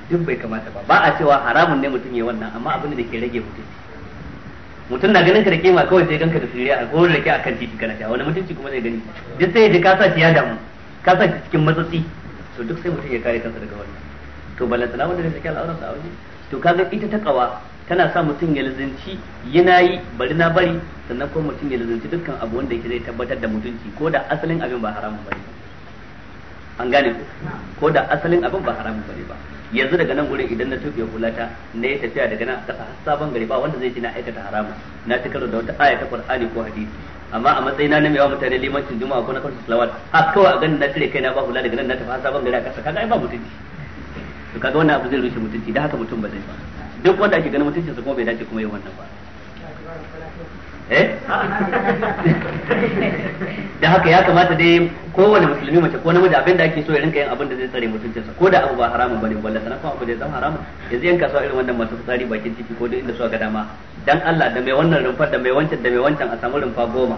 duk bai kamata ba ba a cewa haramun ne mutum ya wannan amma abin da ke rage mutum mutum na ganin ka da kima kawai sai ganka da tsire a da ke akan titi kana ta wani mutunci kuma zai gani duk sai da ka sa shi ya damu ka sa cikin matsatsi to duk sai mutum ya kare kansa daga wannan to balantana wanda da take al'auran sa a waje to kaga ita ta kawa tana sa mutum ya lazanci yana yi bari na bari sannan kuma mutum ya lazanci dukkan abu wanda yake zai tabbatar da mutunci ko da asalin abin ba haramun bane an gane ko ko da asalin abin ba haramun bane ba yanzu daga nan gurin idan na tuɓe hulata na yi tafiya daga nan a sabon gari ba wanda zai ji na aikata haramun na ci karo da wata aya ta Qur'ani ko hadisi amma a matsayina na mai wa mutane limancin juma'a ko na kansu salawat a kawai a ganin na cire kaina ba hula daga nan na tafi sabon gari a kasa kaga ai ba mutunci to kaga wannan abu zai rushe mutunci da haka mutum ba zai ba duk wanda ake ganin mutuncin kuma bai dace kuma yi wannan ba eh? da haka ya kamata dai kowane musulmi mace ko namiji abinda ake so ya rinka yin abin da zai tsare mutuncinsa ko da abu ba haramun bane balle sana kuma abu da zama haramun yanzu yan kasuwa irin wannan masu tsari bakin ciki ko duk inda suka ga dama dan Allah da mai wannan rumfar da mai wancan da mai wancan a samu rumfa goma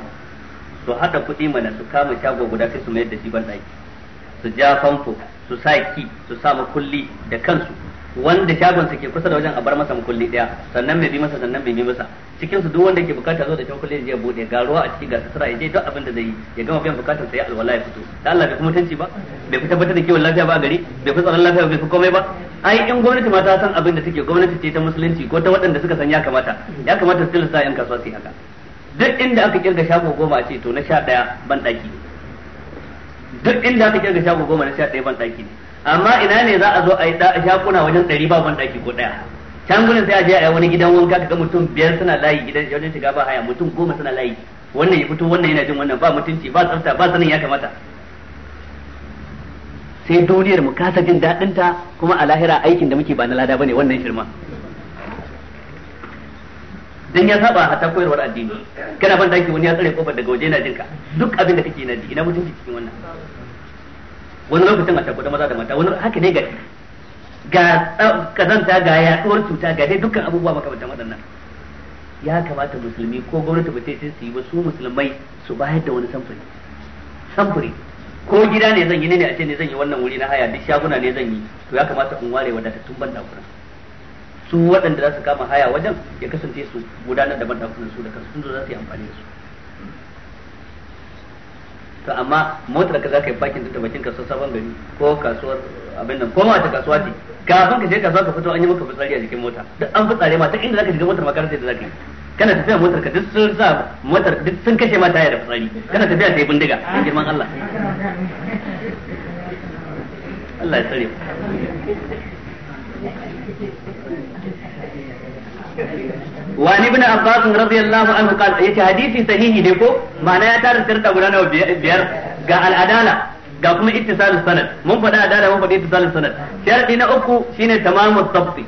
su hada kuɗi mana su kama shago guda sai su mayar da shi ban ɗaki su ja famfo su sa ki su sa makulli da kansu wanda shagon sa ke kusa da wajen a bar masa mukulli daya sannan bai bi masa sannan bai bi masa cikin su duk wanda yake bukata zo da kyan kulli ya bude ga ruwa a ciki ga sutura ya je duk abin da zai ya gama biyan bukatar sa ya alwala ya fito da Allah bai kuma tanci ba bai fita tabbatar da kiwon lafiya ba a gari bai fi tsaron lafiya bai fi komai ba ai in gwamnati ma ta san abin da take gwamnati ce ta musulunci ko ta waɗanda suka san ya kamata ya kamata su tilasta yan kasuwa su yi haka duk inda aka kirga shago goma a ce to na sha ɗaya ban ɗaki duk inda aka kirga shago goma na sha ɗaya ban ɗaki ne amma ina ne za a zo a yi shakuna wajen ɗari ba ban ɗaki ko ɗaya can gudun sai a je a yi wani gidan wanka kaga mutum biyar suna layi gidan wajen shiga ba haya mutum goma suna layi wannan ya fito wannan yana jin wannan ba mutunci ba tsafta ba sanin ya kamata sai duniyar mu kasa jin daɗin ta kuma a lahira aikin da muke ba na lada bane wannan shirma dan ya saba hata koyarwar addini kana ban daki wani ya tsare kofar daga waje yana jinka duk abin da kake na ji ina mutunci cikin wannan wani lokacin a tabbata maza da mata wani haka ne gari ga kazanta ga yaduwar cuta ga dai dukkan abubuwa makamantan waɗannan ya kamata musulmi ko gwamnati ba ce sai su yi ba su musulmai su bayar da wani samfuri samfuri ko gida ne zan yi ne a ce ne zan yi wannan wuri na haya duk shaguna ne zan yi to ya kamata in ware wadatattun dakunan su waɗanda za su kama haya wajen ya kasance su gudanar da dakunan su da kansu sun zo za su yi amfani da su to amma motar ka za ka yi bakin ta bakin kasuwar sabon gari ko kasuwar abin nan ko wata kasuwa ce kafin ka je kasuwa ka fito an yi maka fitsari a jikin mota duk an fitsare ma duk inda za ka shiga motar makarantar da za ka yi kana tafiya motar ka duk sun sa motar duk sun kashe ma taya da fitsari kana tafiya sai bindiga in girman Allah Allah ya tsare wani ibn abbas radiyallahu anhu qal yace hadisi sahihi ne ko ma'ana ya tara sirta guda nawa biyar ga al'adala ga kuma ittisal sanad mun faɗa adala mun faɗi ittisal sanad sharadi na uku shine tamamu dabt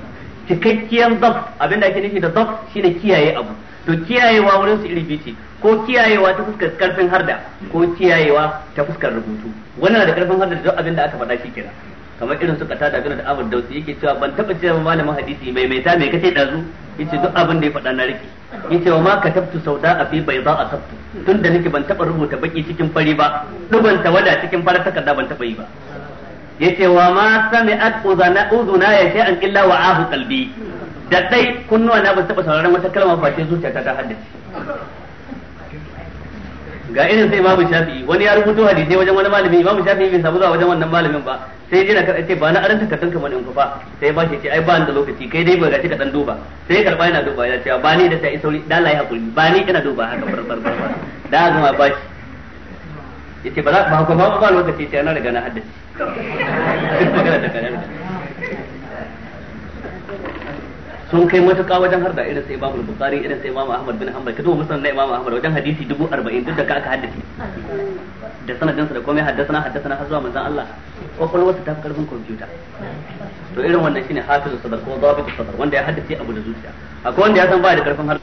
cikakkiyar dabt abinda ake nufi da dabt shine kiyaye abu to kiyayewa wurin su iri bici ko kiyayewa ta fuskar karfin harda ko kiyayewa ta fuskar rubutu wannan da karfin harda duk abin da aka faɗa kenan kamar irin su kata da gina da amur dausi yake cewa ban taɓa cewa malamin hadisi mai mai ta mai kace ɗazu. yace duk abin da ya faɗa na rike yace wa ma katabtu sauda a fi bayda asabtu tunda nake ban taba rubuta baki cikin fari ba duban tawada cikin fara takarda ban taba yi ba yace wa ma sami'at uzana uzuna ya an illa wa ahu kalbi da dai kunnuwa na ban taba sauraron wata kalma face zuciyata ta haddace ga irin sai imamu shafi wani ya rubuto hadisi wajen wani malami imamu shafi bai samu zuwa wajen wannan malamin ba sai jira ka ce ba na aranta ka kanka mana ku fa sai ba shi ce ai ba ni da lokaci kai dai ba ga ka dan duba sai karba yana duba ya ce ba ni da sai sauri da lai hakuri ba ni ina duba haka bar bar bar da zama ba shi yace ba za ba ku ba ba lokaci ce na riga na haddace magana kana sun kai matuƙa wajen har da irin sai Imam Bukhari irin sai Imam Ahmad bin Hanbal kado musnad na Imam Ahmad wajen hadisi 40 duk da ka aka haddace da sanadin sa da komai haddasa na haddasa na zuwa manzon Allah ko kwakwalwar ta fi karfin computer to irin wannan shine hafizu sadar ko dabitu sadar wanda ya haddace abu da zuciya akwai wanda ya san ba da karfin har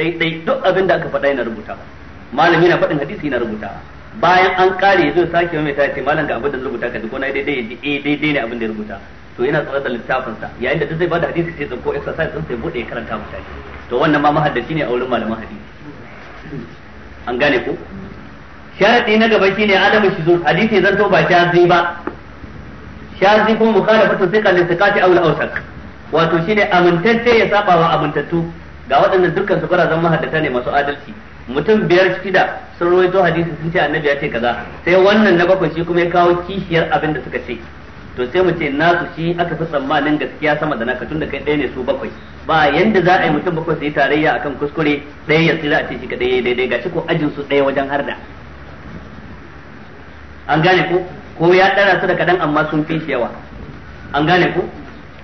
dai dai duk abin da aka faɗa yana rubuta malami na faɗin hadisi yana rubuta bayan an kare zai sake mai ta ce malam ga abin da rubuta ka duk ko na daidai dai eh, daidai ne abin da ya rubuta to yana tsare da littafin sa yayin da duk zai bada hadisi sai tsinko exercise din sai bude karanta mutane to wannan ma mahaddaci ne a wurin malaman hadisi an gane ko sharadi na gaba shine adamu zo hadisi zan to ba shazi ba shazi kuma mukhalafatu thiqa li thiqati aw al-awsaq wato shine amintacce ya saba wa amintattu ga waɗannan dukkan su zan mahaddata ne masu adalci mutum biyar shida sun rawaito hadisi sun ce annabi ya ce kaza sai wannan na bakwai shi kuma ya kawo kishiyar abin da suka ce to sai mu ce nasu shi aka fi tsammanin gaskiya sama da naka tunda kai ɗaya ne su bakwai ba yanda za a yi mutum bakwai su yi tarayya akan kuskure ɗaya ya tsira a ce shi ka ɗaya daidai ga ko ajin su ɗaya wajen harda an gane ku ko ya ɗara su da kaɗan amma sun fi shi yawa an gane ku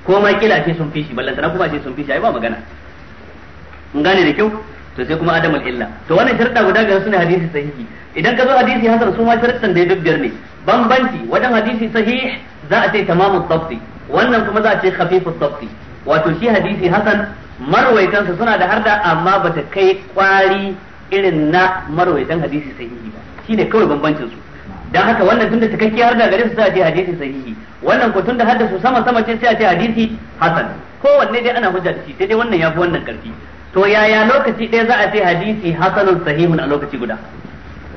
ko ma kila ce sun fi shi ballantana kuma ce sun fi shi ai ba magana an gane da kyau to sai kuma adamul illa to wannan sharɗa guda biyar ne hadisi sahihi idan ka zo hadisi hasan su ma sharɗan da ya biyar ne bambanci wajen hadisi sahih za a ce tamamu dabti wannan kuma za a ce khafifu dabti wato shi hadisi hasan marwaitansa suna da harda amma ba ta kai kwari irin na marwaitan hadisi sahihi ba shine kawai bambancin su dan haka wannan tunda cikakkiyar harda gare su sai a ce hadisi sahihi wannan ko tunda hadda su sama sama ce sai a ce hadisi hasan kowanne dai ana hujja da shi sai dai wannan yafi wannan karfi to yaya lokaci ɗaya za a ce hadisi hasanun sahihun a lokaci guda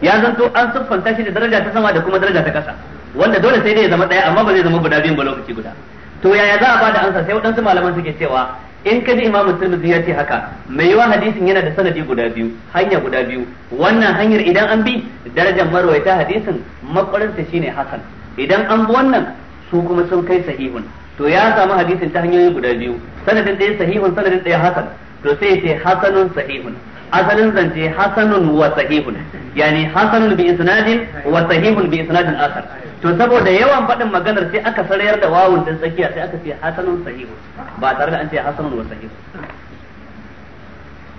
ya zanto an siffanta shi da daraja ta sama da kuma daraja ta kasa wanda dole sai dai ya zama daya amma ba zai zama guda biyun ba lokaci guda to yaya za a bada ansa sai waɗansu malaman suke cewa in ka ji imamu tirmidhi ya ce haka mai wa hadisin yana da sanadi guda biyu hanya guda biyu wannan hanyar idan an bi darajar marwaita hadisin makwarinsa shine hasan idan an bi wannan su kuma sun kai sahihun to ya samu hadisin ta hanyoyi guda biyu sanadin ɗaya sahihun sanadin ɗaya hasan to sai ya ce hasanun sahihun asalin zance hasanun wa sahihun yani hasanun bi isnadin wa sahihun bi isnadin akhar to saboda yawan faɗin maganar sai aka sarayar da wawun din tsakiya sai aka ce hasanun sahihu ba tare da an ce hasanun wa sahihu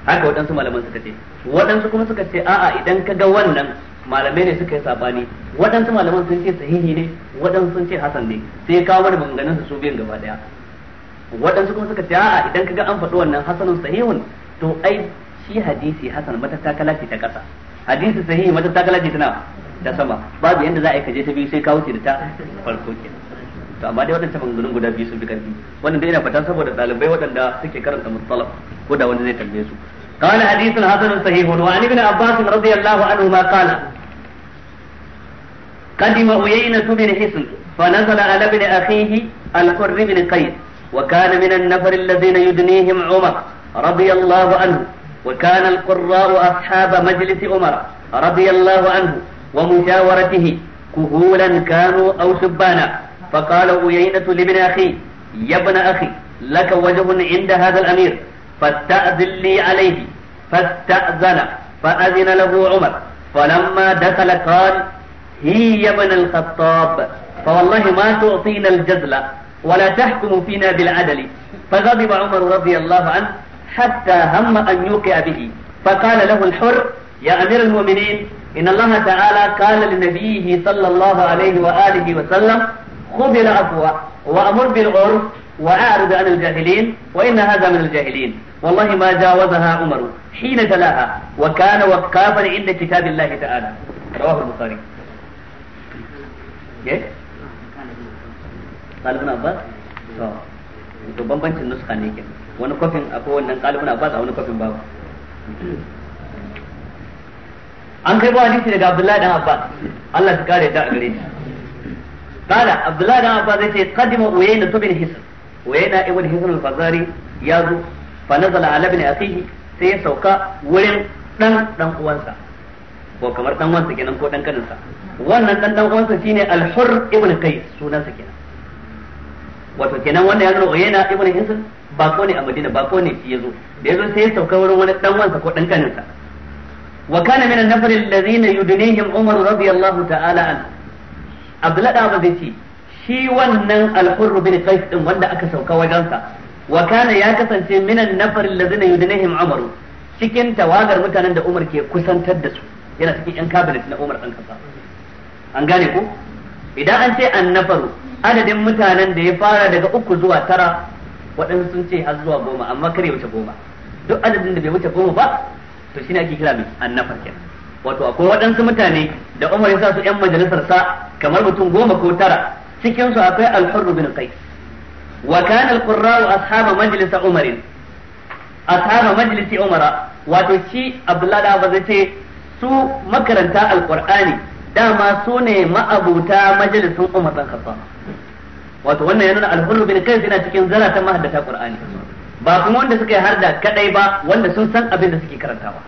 haka waɗansu malaman suka ce waɗansu kuma suka ce a'a idan ka ga wannan malamai ne suka yi sabani waɗansu malaman sun ce sahihi ne waɗansu sun ce hasan ne sai kawo mana maganganun su biyan gaba daya waɗansu kuma suka ce a'a idan ka ga an faɗi wannan hasanun sahihun to ai shi hadisi hasan matattakala ce ta kasa hadisi sahihi matattakala ce ta nawa ta sama babu yanda za a yi kaje ta biyu sai kawo ce da ta farko ke to amma dai waɗancan maganganun guda biyu sun fi ƙarfi wannan dai ina fata saboda ɗalibai waɗanda suke karanta mustalah ko da wanda zai tambaye su قال حديث حسن صحيح وعن ابن عباس رضي الله عنهما قال قدم عيينة بن حسن فنزل على ابن أخيه الحر بن قيس وكان من النفر الذين يدنيهم عمر رضي الله عنه وكان القراء أصحاب مجلس عمر رضي الله عنه ومشاورته كهولا كانوا أو شبانا فقال أيينة لابن أخي يا ابن أخي لك وجه عند هذا الأمير فاستأذن لي عليه فاستأذن فأذن له عمر فلما دخل قال هي يا ابن الخطاب فوالله ما تعطينا الجزل ولا تحكم فينا بالعدل فغضب عمر رضي الله عنه حتى هم أن يوقع به فقال له الحر يا أمير المؤمنين إن الله تعالى قال لنبيه صلى الله عليه وآله وسلم خذ العفو وأمر بالعرف وأعرض عن الجاهلين وإن هذا من الجاهلين والله ما جاوزها عمر حين تلاها وكان وقافا عند كتاب الله تعالى رواه البخاري قال ابن عباس to bambancin nuska ne wani kofin akwai wannan kalibin abbas a wani kofin babu an kai ba hadisi daga abdullahi dan abbas Allah ya kare da gare shi قال عبد الله na عباس hisar قدم أوينة بن حسن أوينة ابن حسن الفزاري يازو فنزل على ابن أخيه sai ya sauka wurin dan dan uwansa ko kamar dan uwansa kenan ko dan kaninsa wannan dan dan uwansa shine al-hurr ibn qais sunansa kenan wato kenan wannan ya zama uyayna ibn hisar. bako ne a Madina bako ne ya zo da ya zo sai ya sauka wurin wani dan wansa ko dan kaninsa wa kana min an-nafar alladhina yudnihim Umar radiyallahu ta'ala an Abdullah da Abu Zaiti shi wannan al-Hurr bin Qais din wanda aka sauka wajen sa wa kana ya kasance min an-nafar alladhina yudnihim Umar cikin tawagar mutanen da Umar ke kusantar da su yana cikin yan cabinet na Umar dan kasa an gane ko idan an ce an-nafar adadin mutanen da ya fara daga uku zuwa tara waɗansu sun ce har zuwa goma amma kar ya wuce goma duk adadin da bai wuce goma ba to shine ake kira mai annafar kenan wato akwai waɗansu mutane da Umar ya sa su ƴan majalisar sa kamar mutum goma ko tara cikin su akwai al-Hurr bin Qais wa kana al-qurra'u ashaba majlis Umar ashaba majlis Umar wato shi Abdullah da Abbas ce su makaranta al-Qur'ani dama su ne ma'abuta majalisin Umar dan Khattab wato wannan ya nuna al bin kai yana cikin zaratan mahaddata qur'ani ba kuma wanda suka yi harda kadai ba wanda sun san abin da suke karantawa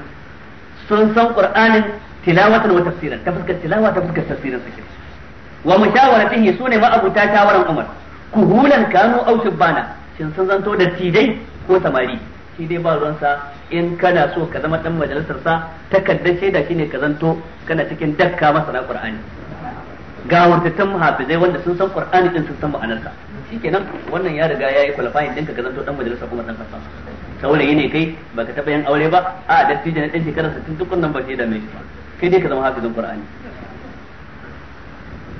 sun san qur'anin tilawatan wa tafsiran ta fuskar tilawa ta fuskar tafsirin suke wa mushawaratihi sune ma abuta shawaran umar kuhulan kanu aw shubana shin sun zanto da tidai ko samari shi dai ba ruwansa in kana so ka zama dan majalisar sa takardar shaida shine ka zanto kana cikin dakka masana qur'ani ga wantattan muhafizai wanda sun san qur'ani din sun san ma'anarsa shikenan wannan ya riga yayi qualifying din ka ga zanto dan majalisa kuma dan kansa saurayi ne kai baka taba yin aure ba a dattijo na dan shekarar 60 duk ba shi da mai kai dai ka zama hafizin qur'ani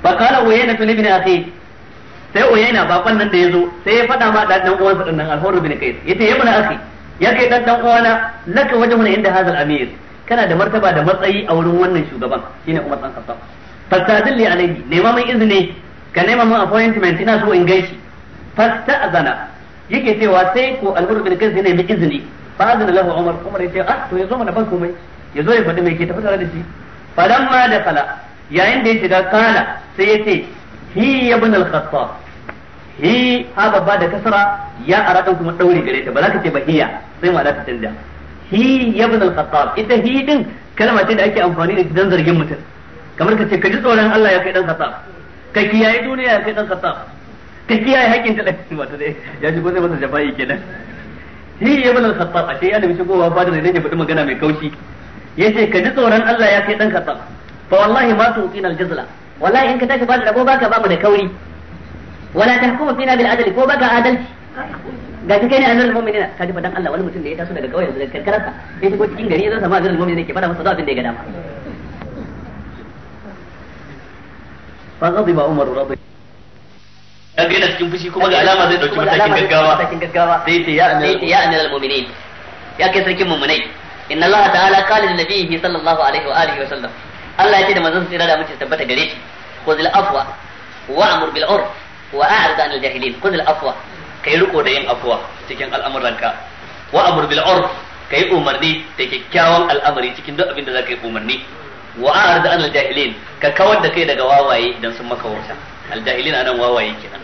fa qala uyayna ibn sai uyayna bakon nan da yazo sai ya fada ma dan uwansa din nan al-hurr bin kais yace ya bana akhi ya kai dan dan uwana laka wajhun inda hadha al-amir kana da martaba da matsayi a wurin wannan shugaban shine Umar dan Khattab fastazin li alayhi nema mai izini ka nema mun appointment ina so in gaishe fastazana yake cewa sai ko al-Hurr bin Qais ne mai izini fa azana lahu Umar Umar yace ah to yazo mana ban komai yazo ya faɗi mai ke tafi tare da shi falamma da kala yayin da ya shiga kala sai yace hi ibn al-Khattab hi ha babba da kasara ya aradan kuma ɗaure gare ta ba za ka ce ba hiya sai ma da ta canja hi ibn al-Khattab ita hi din kalma ce da ake amfani da gidan zargin mutum kamar ka ce ka ji tsoron Allah ya kai dan kasa ka kiyaye duniya ya kai dan kasa ka kiyaye haƙƙin talaka wato dai ya shigo zai masa jafa'i kenan shi ya bala kasa a ce ya nemi da fadar ne ya faɗi magana mai kaushi yace ka ji tsoron Allah ya kai dan kasa fa wallahi ma tuqina al-jazla wallahi in ka tashi ba da rabo baka ba mu da kauri wala tahkumu fina bil adl ko baka adalci ga kai ne annal mu'minina ka ji fadan Allah wani mutum da ya taso daga kauyen da karkararsa ya shigo cikin gari ya zo sama annal mu'minina ke fada masa da abin da ya ga dama fa ghadiba umar radiyallahu kaga yana cikin fushi kuma alama zai dauki matakin gaggawa sai ce ya amir ya amir almu'minin ya kai sarkin mu'minai inna allaha ta'ala qala lin nabiyhi sallallahu wa alihi wa sallam Allah ya ce da manzon sirra da mutum tabbata gare shi khudh afwa wa amur bil urf wa a'rid an al-jahilin khudh afwa kai riko da yin afwa cikin al'amuranka umarni da kyakkyawan al'amari cikin duk abin da zaka yi umarni wa a'rid an al-jahilin ka kawar da kai daga wawaye idan sun maka wauta al-jahilin anan wawaye kenan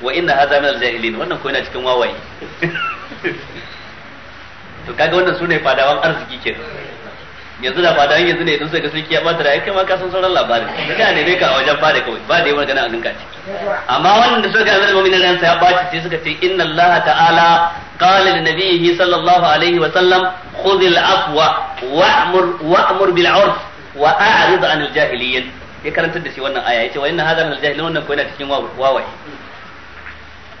wa inna hadha min al-jahilin wannan ko yana cikin wawaye to kaga wannan sune fadawan arziki kenan yanzu da fada da yanzu ne idan sai ka sarki ya bata da kai ma ka san sauran labarin da ne dai ka a wajen fada kawai ba da yawan gana a ganka ce amma wannan da suka ga mu'minin ran sa ya baci sai suka ce inna Allah ta'ala qala lin nabiyhi sallallahu alaihi wa sallam khudhil afwa wa'mur wa'mur bil 'urf wa a'rid 'anil jahiliyyin ya karanta da shi wannan aya yace wa inna hadha al-jahilin wannan ko yana cikin wawaye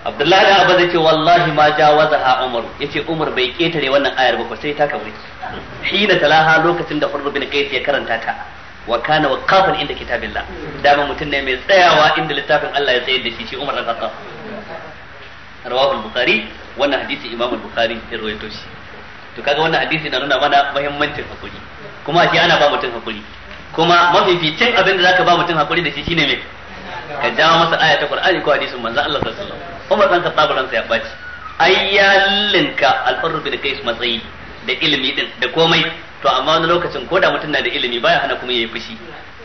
Abdullahi da Abba zai ce wallahi ma ha Umar Ya ce Umar bai ketare wannan ayar ba sai ta shi na talaha lokacin da Furbu bin Qais ya karanta ta wa kana kafan inda kitabillah dama mutum ne mai tsayawa inda littafin Allah ya tsaye da shi shi Umar dan Khattab rawahu al-Bukhari wannan hadisi Imam al-Bukhari ya rawaito shi to kaga wannan hadisi na nuna mana muhimmancin hakuri kuma shi ana ba mutum hakuri kuma mafificin abin da zaka ba mutum hakuri da shi shine me ka jawo masa ayata ta Qur'ani ko hadisin manzon Allah sallallahu alaihi wasallam Umar dan Khattab ransa ya ɓaci ai ya linka al-Furr bin matsayi da ilimi din da komai to amma wani lokacin ko da mutum na da ilimi baya hana kuma yayi fushi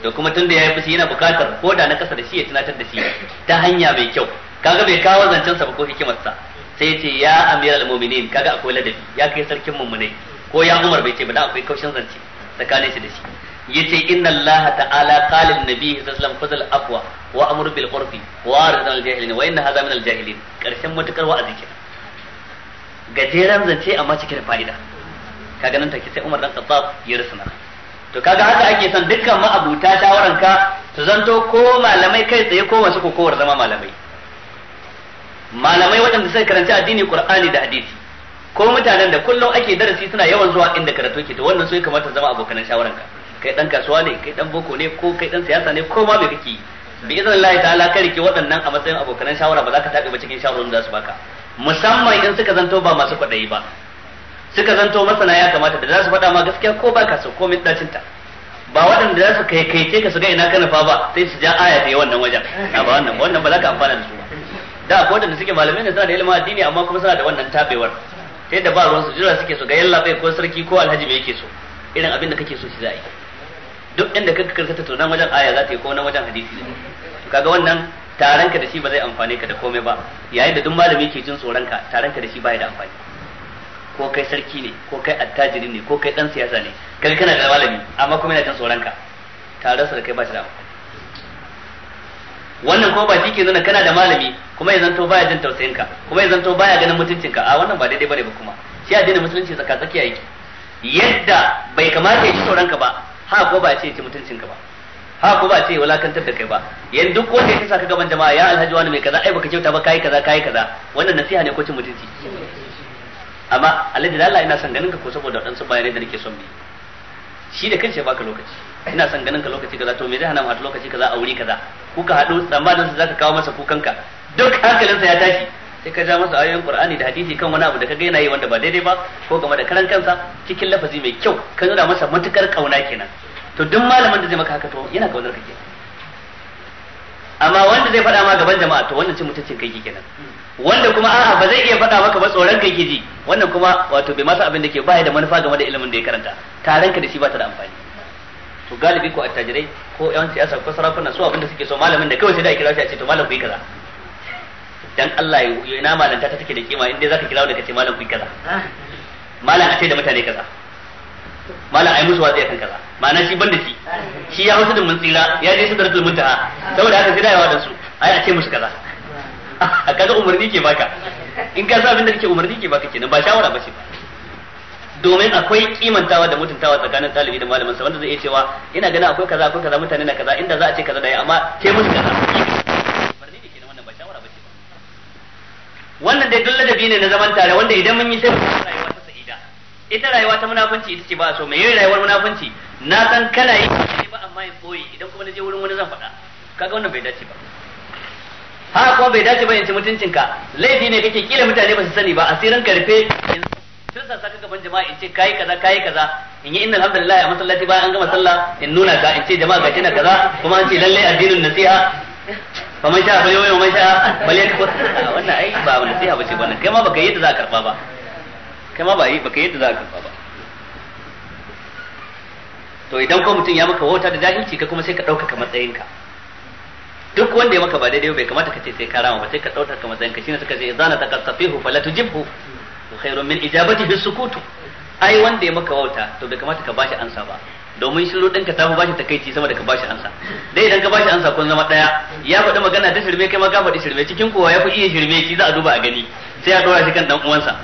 to kuma tunda yi fushi yana bukatar ko da na kasa da shi ya tunatar da shi ta hanya mai kyau kaga bai kawo zancen sa ba ko hikimar sa sai ce ya amiral mu'minin kaga akwai ladabi ya kai sarkin mummunai ko ya Umar bai ce ba da akwai kaushin zance tsakanin shi da shi yace inna Allah ta'ala qala an-nabi sallallahu alaihi wasallam afwa wa amr bil urfi wa arid al jahilin wa inna hadha min al jahilin karshen wa wa'azi kenan gajeren zance amma cike da fa'ida kaga nan take sai Umar dan Khattab ya rusuna to kaga haka ake son dukkan ma'abuta shawaranka su zanto ko malamai kai tsaye ko wasu ko kowar zama malamai malamai waɗanda suka karanci addini Qur'ani da hadisi ko mutanen da kullum ake darasi suna yawan zuwa inda karatu ke to wannan su ya kamata zama abokan shawaranka kai dan kasuwa ne kai dan boko ne ko kai dan siyasa ne ko ma me kake bi idan Allah ta'ala kai rike waɗannan a matsayin abokan shawara ba za ka taɓa ba cikin shawarorin da su baka musamman idan suka zanto ba masu kwadayi ba suka zanto masana ya kamata da za su faɗa ma gaskiya ko ba ka so ko min dacin ta ba waɗanda za su kai kai ka su ga ina kana fa ba sai su ja aya ta wannan wajen a ba wannan wannan ba za ka amfana da su ba da akwai waɗanda suke malamai ne suna da ilimin addini amma kuma suna da wannan tabewar sai da ba ruwan su jira suke so ga yalla bai ko sarki ko alhaji me yake so irin abin da kake so shi za a yi duk inda ka karkata to nan wajen aya za ta yi ko nan wajen hadisi kaga wannan taranka da shi ba zai amfane ka da komai ba yayin da duk malami ke jin tsoron ka taranka da shi ba ya da amfani ko kai sarki ne ko kai attajiri ne ko kai dan siyasa ne kai kana da malami amma kuma yana jin tsoron ka da kai ba shi da amfani wannan kuma ba shi ke nuna kana da malami kuma ya zanto baya jin tausayin ka kuma ya zanto baya ganin mutuncin ka a wannan ba daidai bane ba kuma shi addinin musulunci tsaka tsakiya yake yadda bai kamata ya ji tsoron ka ba ha ko ba ce ci mutuncin ka ba ha ko ba ce walakantar da kai ba yan duk wanda yake saka gaban jama'a ya alhaji wani mai kaza ai baka kyauta ba kai kaza kai kaza wannan nasiha ne ko cin mutunci amma alhaji Allah ina son ganin ka ko saboda su bayanai da nake son bi shi da kanshi baka lokaci ina son ganin ka lokaci kaza to me zai hana mu haɗu lokaci kaza a wuri kaza kuka haɗu tsammanin su zaka kawo masa kukanka duk hankalinsa ya tashi sai ka ja masa ayoyin qur'ani da hadisi kan wani abu da kaga yana yi wanda ba daidai ba ko game da karan kansa cikin lafazi mai kyau ka nuna masa matukar kauna kenan to duk malamin da zai maka haka to yana kaunar ka kenan amma wanda zai faɗa ma gaban jama'a to wannan ce mutuncin kai ke kenan wanda kuma a'a ba zai iya faɗa maka ba tsoron kai ke ji wannan kuma wato bai masa abin da ke baya da manufa game da ilimin da ya karanta taron ka da shi ba ta da amfani to galibi ko attajirai ko yawanci siyasa ko sarakuna su abinda suke so malamin da kawai sai da ake rashi a ce to malam ku yi kaza dan Allah ya ina malanta ta take da kima dai zaka kira wanda kace malam kun kaza malam a ce da mutane kaza malam ai musu wazi akan kaza ma'ana shi banda shi shi ya hausa da mun tsira ya je sidratul mutaha saboda haka sai da yawa da su ai a ce musu kaza a kaza umarni ke baka in ka sa abin da kake umarni ke baka kenan ba shawara ba ce ba domin akwai kimantawa da mutuntawa tsakanin talibi da malamin sa wanda zai iya cewa ina gani akwai kaza akwai kaza mutane na kaza inda za a ce kaza da amma ke musu kaza wannan dai da ladabi ne na zaman tare wanda idan mun yi sai mu rayuwa ta sa'ida ita rayuwa ta munafunci ita ce ba so mai yin rayuwar munafunci na san kana yi ba amma in boye idan kuma na je wurin wani zan faɗa kaga wannan bai dace ba ha kuma bai dace ba in ci ka laifi ne kake kila mutane ba su sani ba asirin karfe tun sa saka gaban jama'a in ce kai kaza kai kaza in yi inna alhamdulillah a masallaci bayan an gama sallah in nuna ka in ce jama'a ga kina kaza kuma an ce lallai addinin nasiha faman sha fa yoyo man sha bal a wannan ai ba nasiha bace wannan kai ma baka yi da za ka karba ba kai ma ba yi baka yi da za a karba ba to idan ko mutum ya maka wauta da jahilci ka kuma sai ka ɗaukaka matsayinka duk wanda ya maka ba daidai bai kamata ka ce sai ka rama ba sai ka ɗaukaka matsayinka shine suka ce idza na taqaffihu fala tujibhu khairun min ijabatihi sukutu ai wanda ya maka wauta to bai kamata ka bashi ansa ba domin shiru ɗinka ta tafi bashi takaici sama da ka bashi ansa dai idan ka bashi ansa kun zama ɗaya ya faɗi magana ta shirme kai ma ka faɗi shirme cikin kowa ya fi iya shirme shi za a duba a gani sai a dora shi kan dan uwansa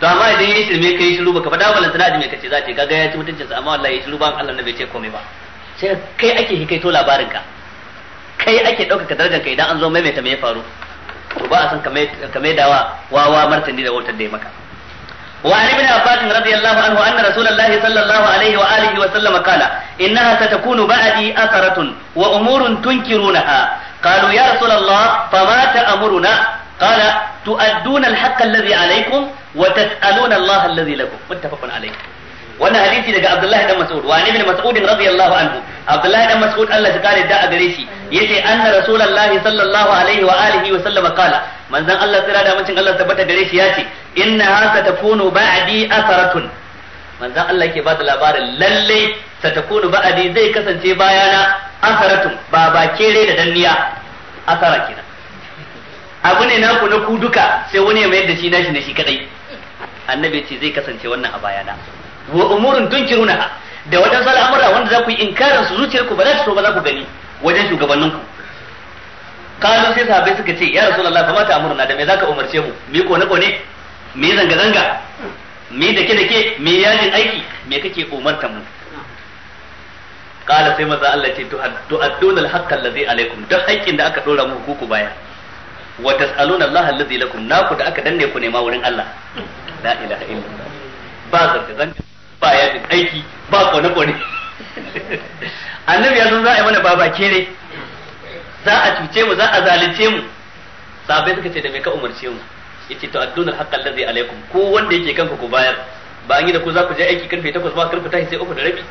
to amma idan ya shirme kai shiru baka faɗa ba lantana da me kace za ce kaga ya ci sa amma wallahi shiru ba Allah na bai ce komai ba sai kai ake hikaito labarin ka kai ake ɗaukaka darajar ka idan an zo maimaita me ya faru to ba a san ka mai dawa wawa martani da wutar da ya maka وعن ابن عباس رضي الله عنه أن رسول الله صلى الله عليه وآله وسلم قال إنها ستكون بعدي أثرة وأمور تنكرونها قالوا يا رسول الله فما تأمرنا قال تؤدون الحق الذي عليكم وتسألون الله الذي لكم متفق عليه wannan hadisi daga Abdullahi dan Mas'ud wa ibn Mas'ud radiyallahu anhu Abdullahi dan Mas'ud Allah ya kare da a gare shi yace anna rasulullahi sallallahu alaihi wa alihi wa sallama qala manzon Allah tsira da mutun Allah tabbata gare shi yace inna hasa takunu ba'di atharatun manzon Allah yake ba da labarin lalle ta satakunu ba'di zai kasance bayana atharatun ba ba kere da danniya asara kenan abu ne naku na ku duka sai wani ya mayar da shi nashi na shi kadai annabi ce zai kasance wannan a bayana wa umurun tunkirunaha da waɗansu al'amura wanda za ku yi inkarin su zuciyarku ba za ta so ba za ku gani wajen shugabannin ku. kazo sai sahabbai suka ce ya rasulullahi fa mata amurna da me zaka umarce mu mi kone-kone me mi zanga zanga mi dake dake mi yajin aiki me kake umarta mu kala sai maza Allah ce tu'adduna al haqq allazi alaikum duk haƙƙin da aka dora mu hukuku baya wa tas'aluna Allah allazi lakum naku da aka danne ku nema wurin Allah la ilaha illallah ba zanga zanga ba ya yajin aiki ba kone kone annabi ya san za a yi mana baba kere za a cuce mu za a zalunce mu sabai suka ce da mai ka umarce mu yace to addunal haqqal ladzi alaikum ko wanda yake kanku ku bayar ba an yi da ku za ku je aiki karfe 8 ba karfe tashi sai uku da rabi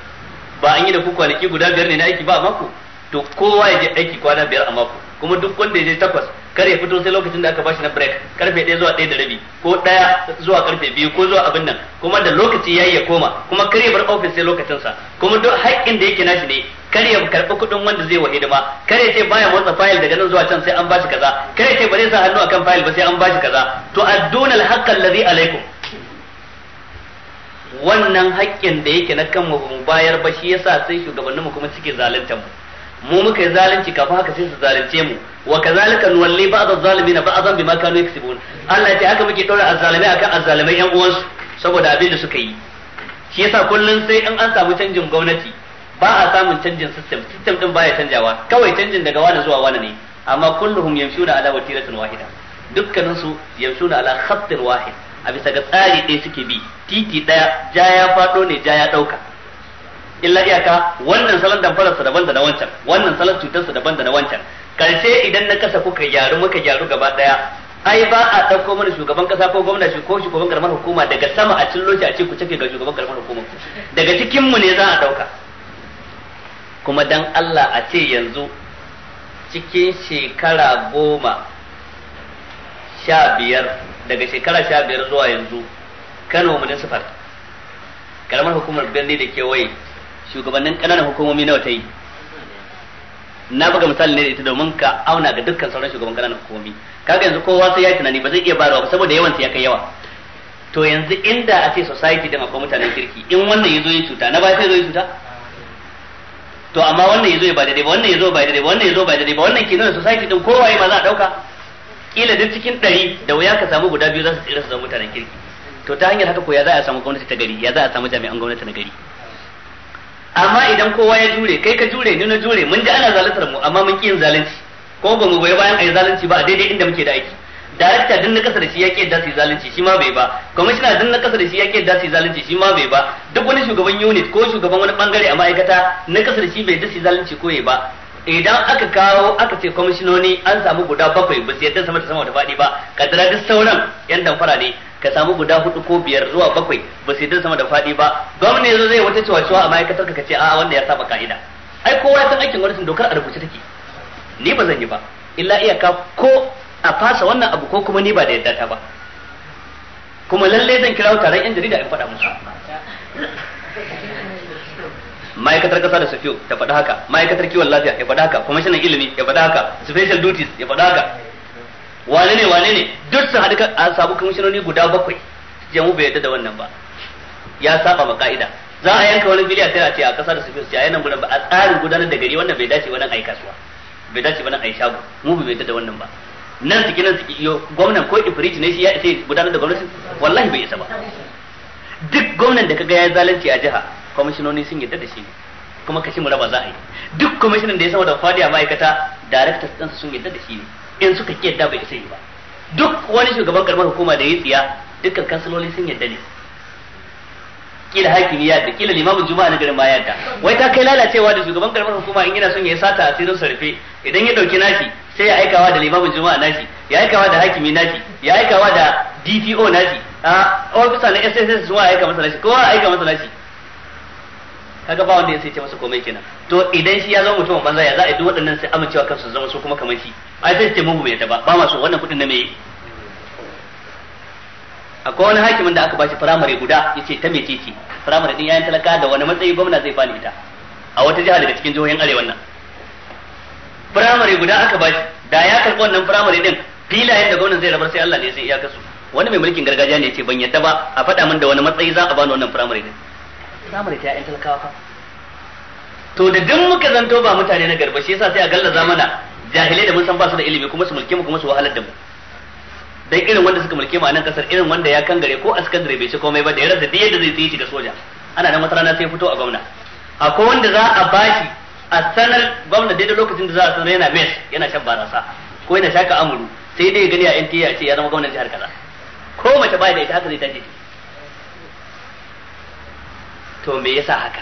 ba an yi da ku kwanaki guda biyar ne na aiki ba a mako to kowa ya je aiki kwana biyar a mako kuma duk wanda ya je takwas kar ya fito sai lokacin da aka bashi na break karfe ɗaya zuwa ɗaya da rabi ko ɗaya zuwa karfe biyu ko zuwa abin nan kuma da lokaci yayi ya koma kuma kar ya bar office sai lokacin sa kuma duk haƙƙin da yake nashi ne kar ya karɓi kuɗin wanda zai wa hidima kar ya ce baya motsa fayil daga nan zuwa can sai an bashi kaza kar ya ce ba zai sa hannu akan fayil ba sai an bashi kaza to a al-haqqa ladi alaikum wannan haƙƙin da yake na kan mu bayar ba shi yasa sai shugabanninmu kuma suke zalunta mu mu muka yi zalunci kafin haka sai su zalunce mu wa kazalika nuwalli ba'd az-zalimin ba'dan bima kanu yaksubun Allah ya ce haka muke dora azzalimai akan azzalimai yan uwansu saboda abin da suka yi shi yasa kullum sai in an samu canjin gwamnati ba a samun canjin system system din baya canjawa kawai canjin daga wani zuwa wani ne amma kulluhum yamshuna ala watiratin wahida dukkanin su yamshuna ala khattin wahid a bisa ga tsari ɗaya suke bi titi ɗaya ja ya faɗo ne ja ya ɗauka illa iyaka wannan salon damfararsa daban da na wancan wannan salon cutarsa daban da na wancan karshe idan na kasa kuka gyaru muka gyaru gaba daya ai ba a ɗauko mana shugaban kasa ko gwamna ko shugaban karamar hukuma daga sama a cin lokaci a ce ku cike ga shugaban karamar hukuma daga cikin mu ne za a ɗauka kuma dan Allah a ce yanzu cikin shekara goma sha biyar daga shekara sha biyar zuwa yanzu Kano municipal karamar hukumar birni da kewaye shugabannin kananan hukumomi nawa ta yi na buga misali ne da ita domin ka auna ga dukkan sauran shugaban kananan hukumomi kaga yanzu kowa sai ya tunani ba zai iya barawa ba saboda yawan ya kai yawa to yanzu inda a ce society din akwai mutanen kirki in wannan yazo ya cuta na ba sai yazo ya cuta to amma wannan yazo ya ba daidai ba wannan yazo ba daidai ba wannan yazo ba daidai ba wannan ke nuna society din kowaye ma za a dauka kila duk cikin ɗari da wuya ka samu guda biyu za su tsira su zama mutanen kirki to ta hanyar haka ko ya za a samu gwamnati ta gari ya za a samu jami'an gwamnati na gari amma idan kowa ya jure kai ka jure ni na jure mun ji ana zaluntar mu amma mun kiyin zalunci ko ba mu goyi bayan ayi zalunci ba a daidai inda muke da aiki darakta din na kasar shi yake yadda su zalunci shi ma bai ba kwamishina din na kasar shi yake yadda su zalunci shi ma bai ba duk wani shugaban unit ko shugaban wani bangare a ma'aikata na kasa shi bai da su zalunci ko ba idan aka kawo aka ce kwamishinoni an samu guda bakwai ba su yadda sama da sama da faɗi ba kaddara duk sauran yan damfara ne ka samu guda hudu ko biyar zuwa bakwai ba su yi sama da faɗi ba gwamna yanzu zai wata cewa cewa a ma'aikatar ka ce a wanda ya saba ka'ida ai kowa ya san aikin gwamnatin dokar a rubuce take ni ba zan yi ba illa iyaka ko a fasa wannan abu ko kuma ni ba da yadda ta ba kuma lalle zan kira taron yan jarida in faɗa musu ma'aikatar kasa da safiyo ta faɗa haka ma'aikatar kiwon lafiya ya faɗa haka shi ilimi ya faɗa haka special duties ya faɗa haka wane ne wane ne duk sun haɗu a samu kamishinoni guda bakwai jamu mu bai yadda da wannan ba ya saba ma ka'ida za a yanka wani biliya sai a ce a kasa da sufi a nan gudan ba a tsarin gudanar da gari wannan bai dace wannan ai kasuwa bai dace wannan ai shago mu bai yadda da wannan ba nan suke nan suke iyo gwamnan ko ifrit ne shi ya isa gudanar da gwamnati wallahi bai isa ba duk gwamnan da kaga ya zalunci a jiha kamishinoni sun yadda da shi ne kuma kashi mu raba za a yi duk kwamishinan da ya sama da fadiya ma'aikata directors ɗansa sun yadda da shi ne in suka ki yadda bai yi ba duk wani shugaban karamar hukuma da ya tsiya dukkan kansaloli sun yadda ne kila hakimi ya da kila limamin juma'a na garin ma yadda wai ta kai lalacewa da shugaban karamar hukuma in yana son ya sata asirin sarfe idan ya dauki nashi sai ya aikawa da limamin juma'a nashi ya aikawa da hakimi nashi ya aikawa da DPO nashi a ah, ofisa na SSS zuwa aika masa nashi kowa aika masa nashi kaga ba wanda ya sai ce masa komai kenan to idan shi ya zama mutumin banza ya za a yi duk waɗannan sai amincewa kan su zama su kuma kamar shi ai sai ce mu bai ta ba ba ma su wannan kuɗin na meye. akwai wani hakimin da aka bashi firamare guda yace ta mece ce firamare din yayin talaka da wani matsayi gwamna zai bani ita a wata jiha daga cikin jihohin arewa nan firamare guda aka bashi da ya karɓi wannan firamare din filayen da gwamnan zai rabar sai Allah ne zai iyakar su wani mai mulkin gargajiya ne yace ban yadda ba a faɗa min da wani matsayi za a bani wannan firamare din za mu rika talakawa fa to da duk muka zanto ba mutane na garba shi yasa sai a gallaza mana jahilai da mun san ba su da ilimi kuma su mulke mu kuma su wahalar da mu dan irin wanda suka mulke mu a nan kasar irin wanda ya kangare ko a sakandare bai ci komai ba da ya rasa da yadda zai yi shi da soja ana nan wata rana sai fito a gwamna akwai wanda za a bashi a sanar gwamna daidai lokacin da za a sanar yana mes yana shan barasa ko yana shaka amuru sai dai ya gani a NTA ce ya zama gwamnan jihar kaza ko mace baya da ita haka zai tace to me yasa haka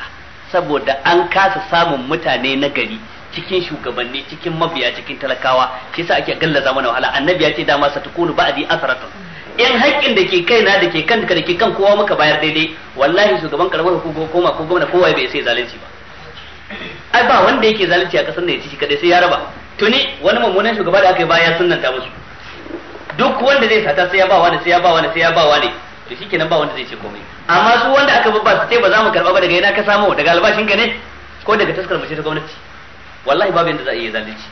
saboda an kasa samun mutane na gari cikin shugabanni cikin mabiya cikin talakawa shi yasa ake gallaza mana wahala annabi ya ce dama satukunu ba'di asratun in haƙƙin da ke kaina da ke kanka da ke kan kowa muka bayar daidai wallahi shugaban karamar hukuma ko ma ko gwamna kowa bai sai zalunci ba ai ba wanda yake zalunci a kasar ne ci shi kadai sai ya raba tuni wani mummunan shugaba da aka yi baya sunanta musu duk wanda zai sata sai ya ba wani sai ya ba wani sai ya ba wani to kenan ba wanda zai ce komai amma su wanda aka babba su ce ba za mu karba ba daga yana ka samu daga albashin ka ne ko daga taskar mace ta gwamnati wallahi babu yanda za a iya zalunci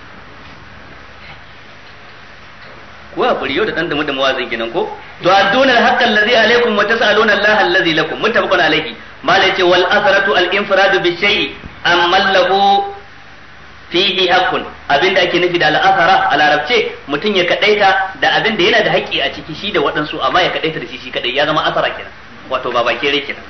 ko a yau da dan da mutum wazin kenan ko to aduna haqqal ladhi alaykum wa tasaluna Allah alladhi lakum muttafaqun alayhi malai ce wal asratu al infiradu bi shay'in amma lahu akun abin da ake nufi da al'athara a larabce mutum ya kadaita da abin da yana da hakki a ciki shi da waɗansu amma ya kadaita da shi shi kadai ya zama asara kenan wato ba baki rai kenan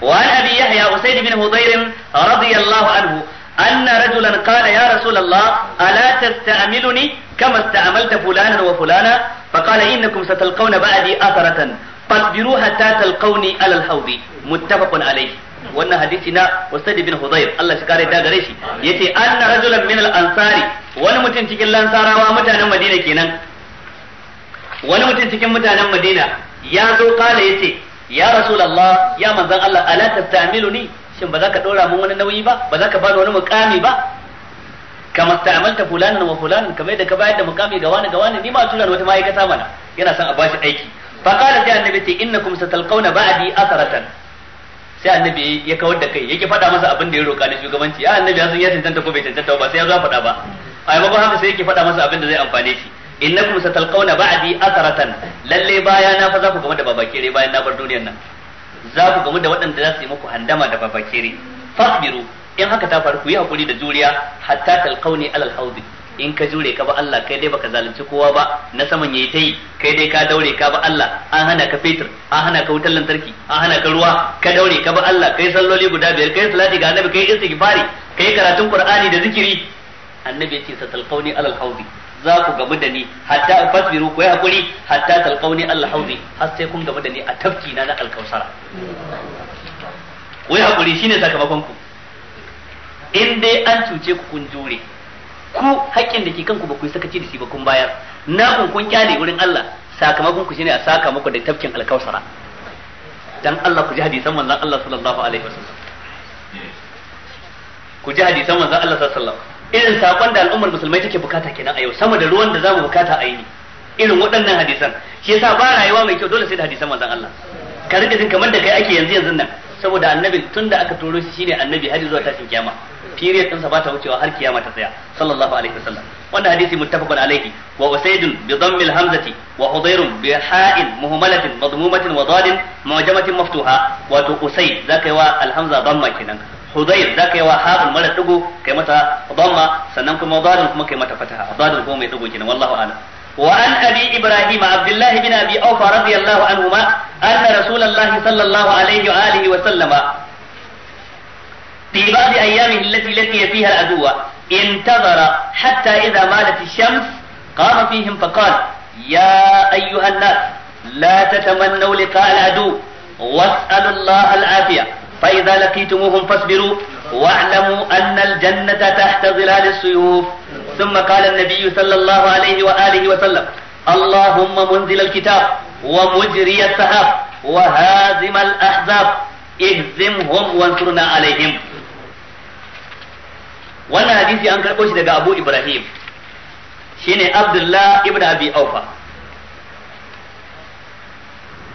wa an yahya usayd bin hudayr radiyallahu anhu anna rajulan qala ya rasulullah ala tasta'miluni kama ista'malta fulana wa fulana fa qala innakum satalqawna ba'di atharatan fasbiru hatta talkauni ala alhawdi muttafaqun alayhi wannan hadisi na Usaid bin Hudayr Allah shi kare da gare shi yace anna rajulan min al-ansari wani mutum cikin lansarawa mutanen Madina kenan wani mutum cikin mutanen Madina ya zo kala yace ya rasulullah ya manzon Allah ala tastamiluni shin ba za ka dora mun wani nauyi ba ba za ka bani wani mukami ba kama sta'amalta fulanan wa fulanan kamar yadda ka bayar da mukami ga wani ga wani ni ma tura wata ma'aikata mana yana son a bashi aiki fa qala sai annabi ce innakum satalqawna ba'di asaratan sai annabi ya kawar da kai yake faɗa masa abin da ya roƙa na shugabanci ya annabi ya san ya tantanta ko bai tantanta ba sai ya zo faɗa ba a maimakon haka sai yake faɗa masa abin da zai amfane shi innakum satalqawna ba'di atharatan lalle baya na fa za ku gamu da babakere bayan na bar duniyar nan za ku gamu da waɗanda za su yi muku handama da babakere fa'biru in haka ta faru ku yi hakuri da juriya hatta talqawni alal hawdi in ka jure ka ba Allah kai dai baka zalunci kowa ba na saman yayi tai kai dai ka daure ka ba Allah an hana ka fetur an hana ka wutar lantarki an hana ka ruwa ka daure ka ba Allah kai salloli guda biyar kai salati ga annabi kai istighfari kai karatun qur'ani da zikiri annabi ya ce satalqauni alal haudi za ku gamu da ni hatta fasbiru ku yi hakuri hatta talqauni alal haudi har sai kun gamu da ni a tafki na na alkausara ku yi hakuri shine sakamakon ku in dai an cuce ku kun jure ku haƙƙin da ke kanku ba ku sakaci da shi ba kun bayar na kun kun kyale wurin Allah sakamakon ku shine a saka muku da tafkin alkausara dan Allah ku ji hadisan manzon Allah sallallahu alaihi wasallam ku ji hadisan manzon Allah sallallahu alaihi wasallam irin sakon da al'ummar musulmai take bukata kenan a yau sama da ruwan da zamu bukata a yi irin waɗannan hadisan shi yasa ba rayuwa mai kyau dole sai da hadisan manzon Allah ka rike jin kamar da kai ake yanzu yanzu nan saboda annabi tun da aka turo shi shine annabi har zuwa tashin kiyama period din sa ba ta wucewa har kiyama ta tsaya sallallahu alaihi wasallam wannan hadisi muttafaqun alaihi wa usayd bi dhammil hamzati wa hudayr bi ha'in muhammalatin madmumatin wa dalin mu'jamatin maftuha wato usayd zaka yi wa alhamza dhamma kenan hudayr zaka wa ha'un mara dugo kai mata dhamma sannan kuma dalin kuma kai mata fataha dalin kuma mai dugo kenan wallahu a'lam وعن أبي إبراهيم عبد الله بن أبي أوفى رضي الله عنهما أن رسول الله صلى الله عليه وآله وسلم في بعض أيامه التي لقي فيها العدو انتظر حتى إذا مالت الشمس قام فيهم فقال يا أيها الناس لا تتمنوا لقاء العدو واسألوا الله العافية فإذا لقيتموهم فاصبروا واعلموا أن الجنة تحت ظلال السيوف ثم قال النبي صلى الله عليه وآله وسلم اللهم منزل الكتاب ومجري السحاب وهازم الأحزاب اهزمهم وانصرنا عليهم wannan hadisi an karɓo shi daga Abu Ibrahim shine Abdullah ibn Abi Aufa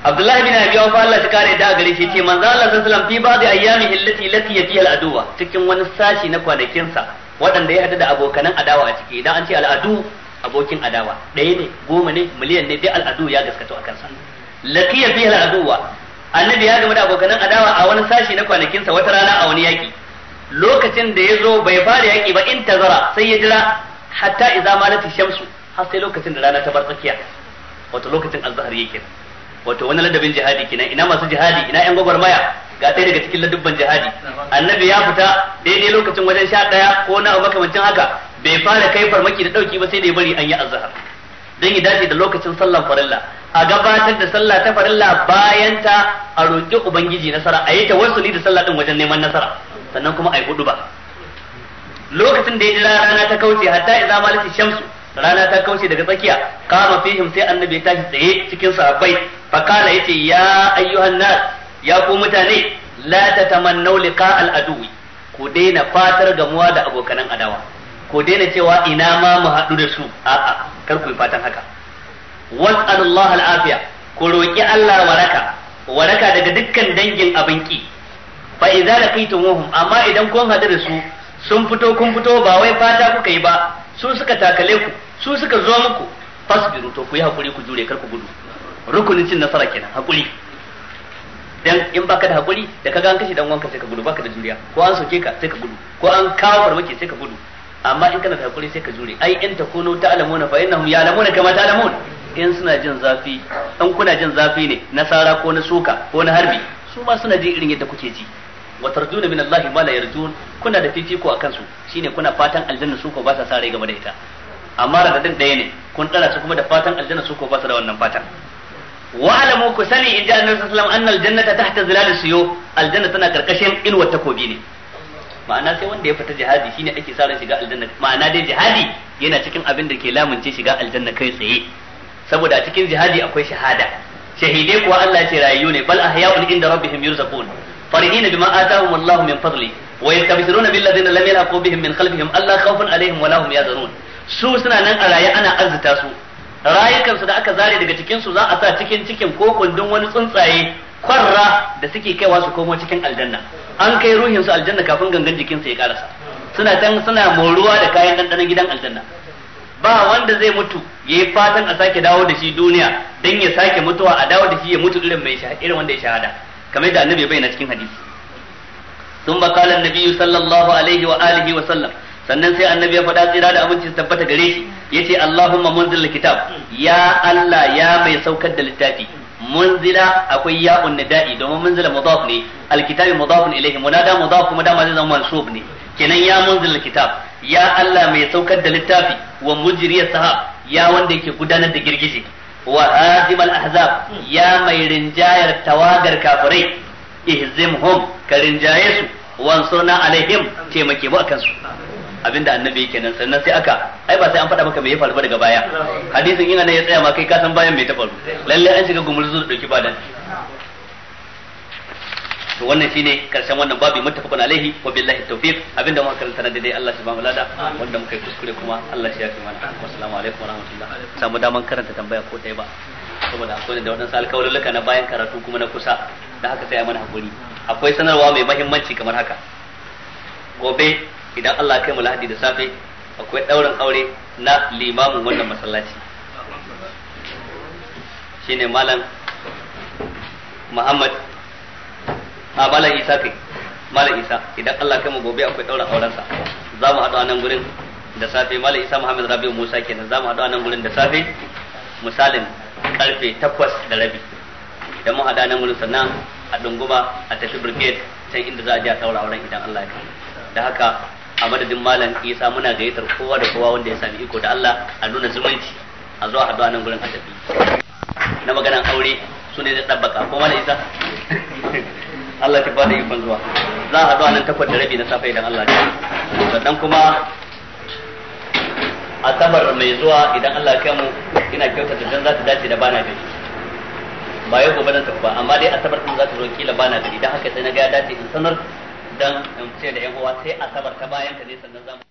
Abdullah ibn Abi Aufa Allah ya kare da gare shi ce manzo Allah sallallahu alaihi wasallam fi ba'di ayyamihi allati lati yati al-aduwa cikin wani sashi na kwanakinsa waɗanda ya hada da abokanan adawa a ciki idan an ce al'adu abokin adawa ɗaya ne goma ne miliyan ne dai al'adu ya gaskato a kansa laqiya fihi al'aduwa annabi ya gama da abokanan adawa a wani sashi na kwanakinsa wata rana a wani yaki lokacin da ya zo bai fara yaƙi ba in tazara sai ya jira hatta idza malati shamsu har sai lokacin da rana ta bar tsakiya wato lokacin azhar yake wato wani ladabin jihadi kenan ina masu jihadi ina yan gwagwarmaya ga ɗaya daga cikin ladubban jihadi annabi ya fita daidai lokacin wajen sha ɗaya ko na abu makamancin haka bai fara kai farmaki da ɗauki ba sai da ya bari an yi azhar dan ya dace da lokacin sallar farilla a gabatar da sallah ta farilla bayan ta a roƙi ubangiji nasara a yi tawassuli da sallah din wajen neman nasara sannan kuma ai hudu ba lokacin da ya jira rana ta kauce hatta idza malati shamsu rana ta kauce daga tsakiya kama fihim sai annabi ya tashi tsaye cikin sahabbai fa kana yace ya ayyuhan nas ya ku mutane la tatamannu liqa al adwi ku daina fatar gamuwa da abokanan adawa ku daina cewa ina ma mu haɗu da su a'a kar ku fatan haka was'alullahi al afiya ku roki Allah waraka waraka daga dukkan dangin abinki fa idza laqitumuhum amma idan kun hadu da su sun fito kun fito ba wai fata kuka yi ba su suka takale ku su suka zo muku fasbiru to ku yi hakuri ku jure kar ku gudu rukunin cin nasara kenan hakuri dan in baka da hakuri da kaga an kashi dan wanka sai ka gudu baka da juriya ko an soke ka sai ka gudu ko an kawo farmaki sai ka gudu amma in kana da hakuri sai ka jure ai in ta ta alamuna fa innahum ya'lamuna kama ta'lamun in suna jin zafi in kuna jin zafi ne na sara ko na suka ko na harbi su ma suna jin irin yadda kuke ji wa tarjuna min Allah ma la yarjun kuna da fifiko akan su shine kuna fatan aljanna su ko ba sa sa game da ita amma radadin ɗaya ne kun tsara su kuma da fatan aljanna su ko ba sa da wannan fatan wa alamu ku sani inda annabi sallallahu alaihi wasallam annal jannata tahta zilal aljanna tana karkashin inuwar takobi ne ma'ana sai wanda ya fita jihadi shine ake sa ran shiga aljanna ma'ana dai jihadi yana cikin abin da ke lamunce shiga aljanna kai tsaye saboda a cikin jihadi akwai shahada shahidai kuwa Allah ya ce rayu ne bal ahya'un inda rabbihim yurzaqun فرحين بما آتاهم الله من فضله ويستبشرون بالذين لم يلحقوا بهم من خلفهم ألا خوف عليهم ولا هم يحزنون su suna nan a raye ana arzuta su rayukansu da aka zare daga cikin su za a sa cikin cikin ko kundin wani tsuntsaye kwarra da suke kaiwa su komo cikin aljanna an kai ruhin su aljanna kafin gangan jikin su ya karasa suna tan suna moruwa da kayan dandanan gidan aljanna ba wanda zai mutu yayi fatan a sake dawo da shi duniya dan ya sake mutuwa a dawo da shi ya mutu irin mai irin wanda ya shahada kamar da annabi ya bayyana cikin hadisi sun ba kala annabi sallallahu alaihi wa alihi wa sallam sannan sai annabi ya faɗa tsira da aminci tabbata gare shi Allahumma munzil kitab ya Allah ya mai saukar da littafi munzila akwai ya'un nida'i domin munzila mudaf ne alkitabi ilayhi munada mudaf kuma dama zai zama mansub ne kenan ya kitab ya Allah mai saukar da littafi wa mujriya sahab ya wanda yake gudanar da girgije wa al-ahzab ya mai rinjayar tawagar kafirai ihzimhum ka rinjaye su wansurna alaihim taimake mu akan kansu. abinda annabi yake nan sannan sai aka ai ba sai an faɗa maka me ya faru daga baya hadisin ina ne ya tsaya ma kai ka san bayan me ta faru lalle an shiga gumurzu da dauki badan to wannan shine karshen wannan babu muttafaqun alaihi wa billahi tawfiq abinda muka karanta na daidai Allah shi ba mu lada wanda muka kuskure kuma Allah shi ya fi mana assalamu alaikum wa rahmatullah samu daman karanta tambaya ko dai ba saboda akwai da wadansu alkawarurruka na bayan karatu kuma na kusa da haka sai a mana hakuri akwai sanarwa mai mahimmanci kamar haka gobe idan Allah kai mu lahadi da safe akwai ɗaurin aure na limamin wannan masallaci shine malam Muhammad a malam isa kai malam isa idan Allah kai mu gobe akwai daura auren sa za mu haɗu a nan gurin da safe malam isa muhammad rabi'u musa kenan za mu haɗu a nan gurin da safe misalin karfe takwas da rabi idan mu haɗu a nan gurin sannan a dunguma a tafi brigade can inda za a je a daura auren idan Allah ya kai da haka a madadin malam isa muna gayyatar kowa da kowa wanda ya sami iko da Allah a nuna zumunci a zuwa haɗu a nan gurin a tafi na maganan aure su ne zai ɗabbaka ko malam isa Allah ta bada ikon zuwa za a zuwa nan takwas da rabi na safe idan Allah ya sannan kuma asabar mai zuwa idan Allah ya mu ina kyauta da dan za ta dace da bana gari ba yau gobe nan ta ba amma dai asabar din za ta zo kila bana gari dan haka sai na ga ya dace in sanar dan in ce da yan uwa sai asabar ta bayan ta ne sannan za mu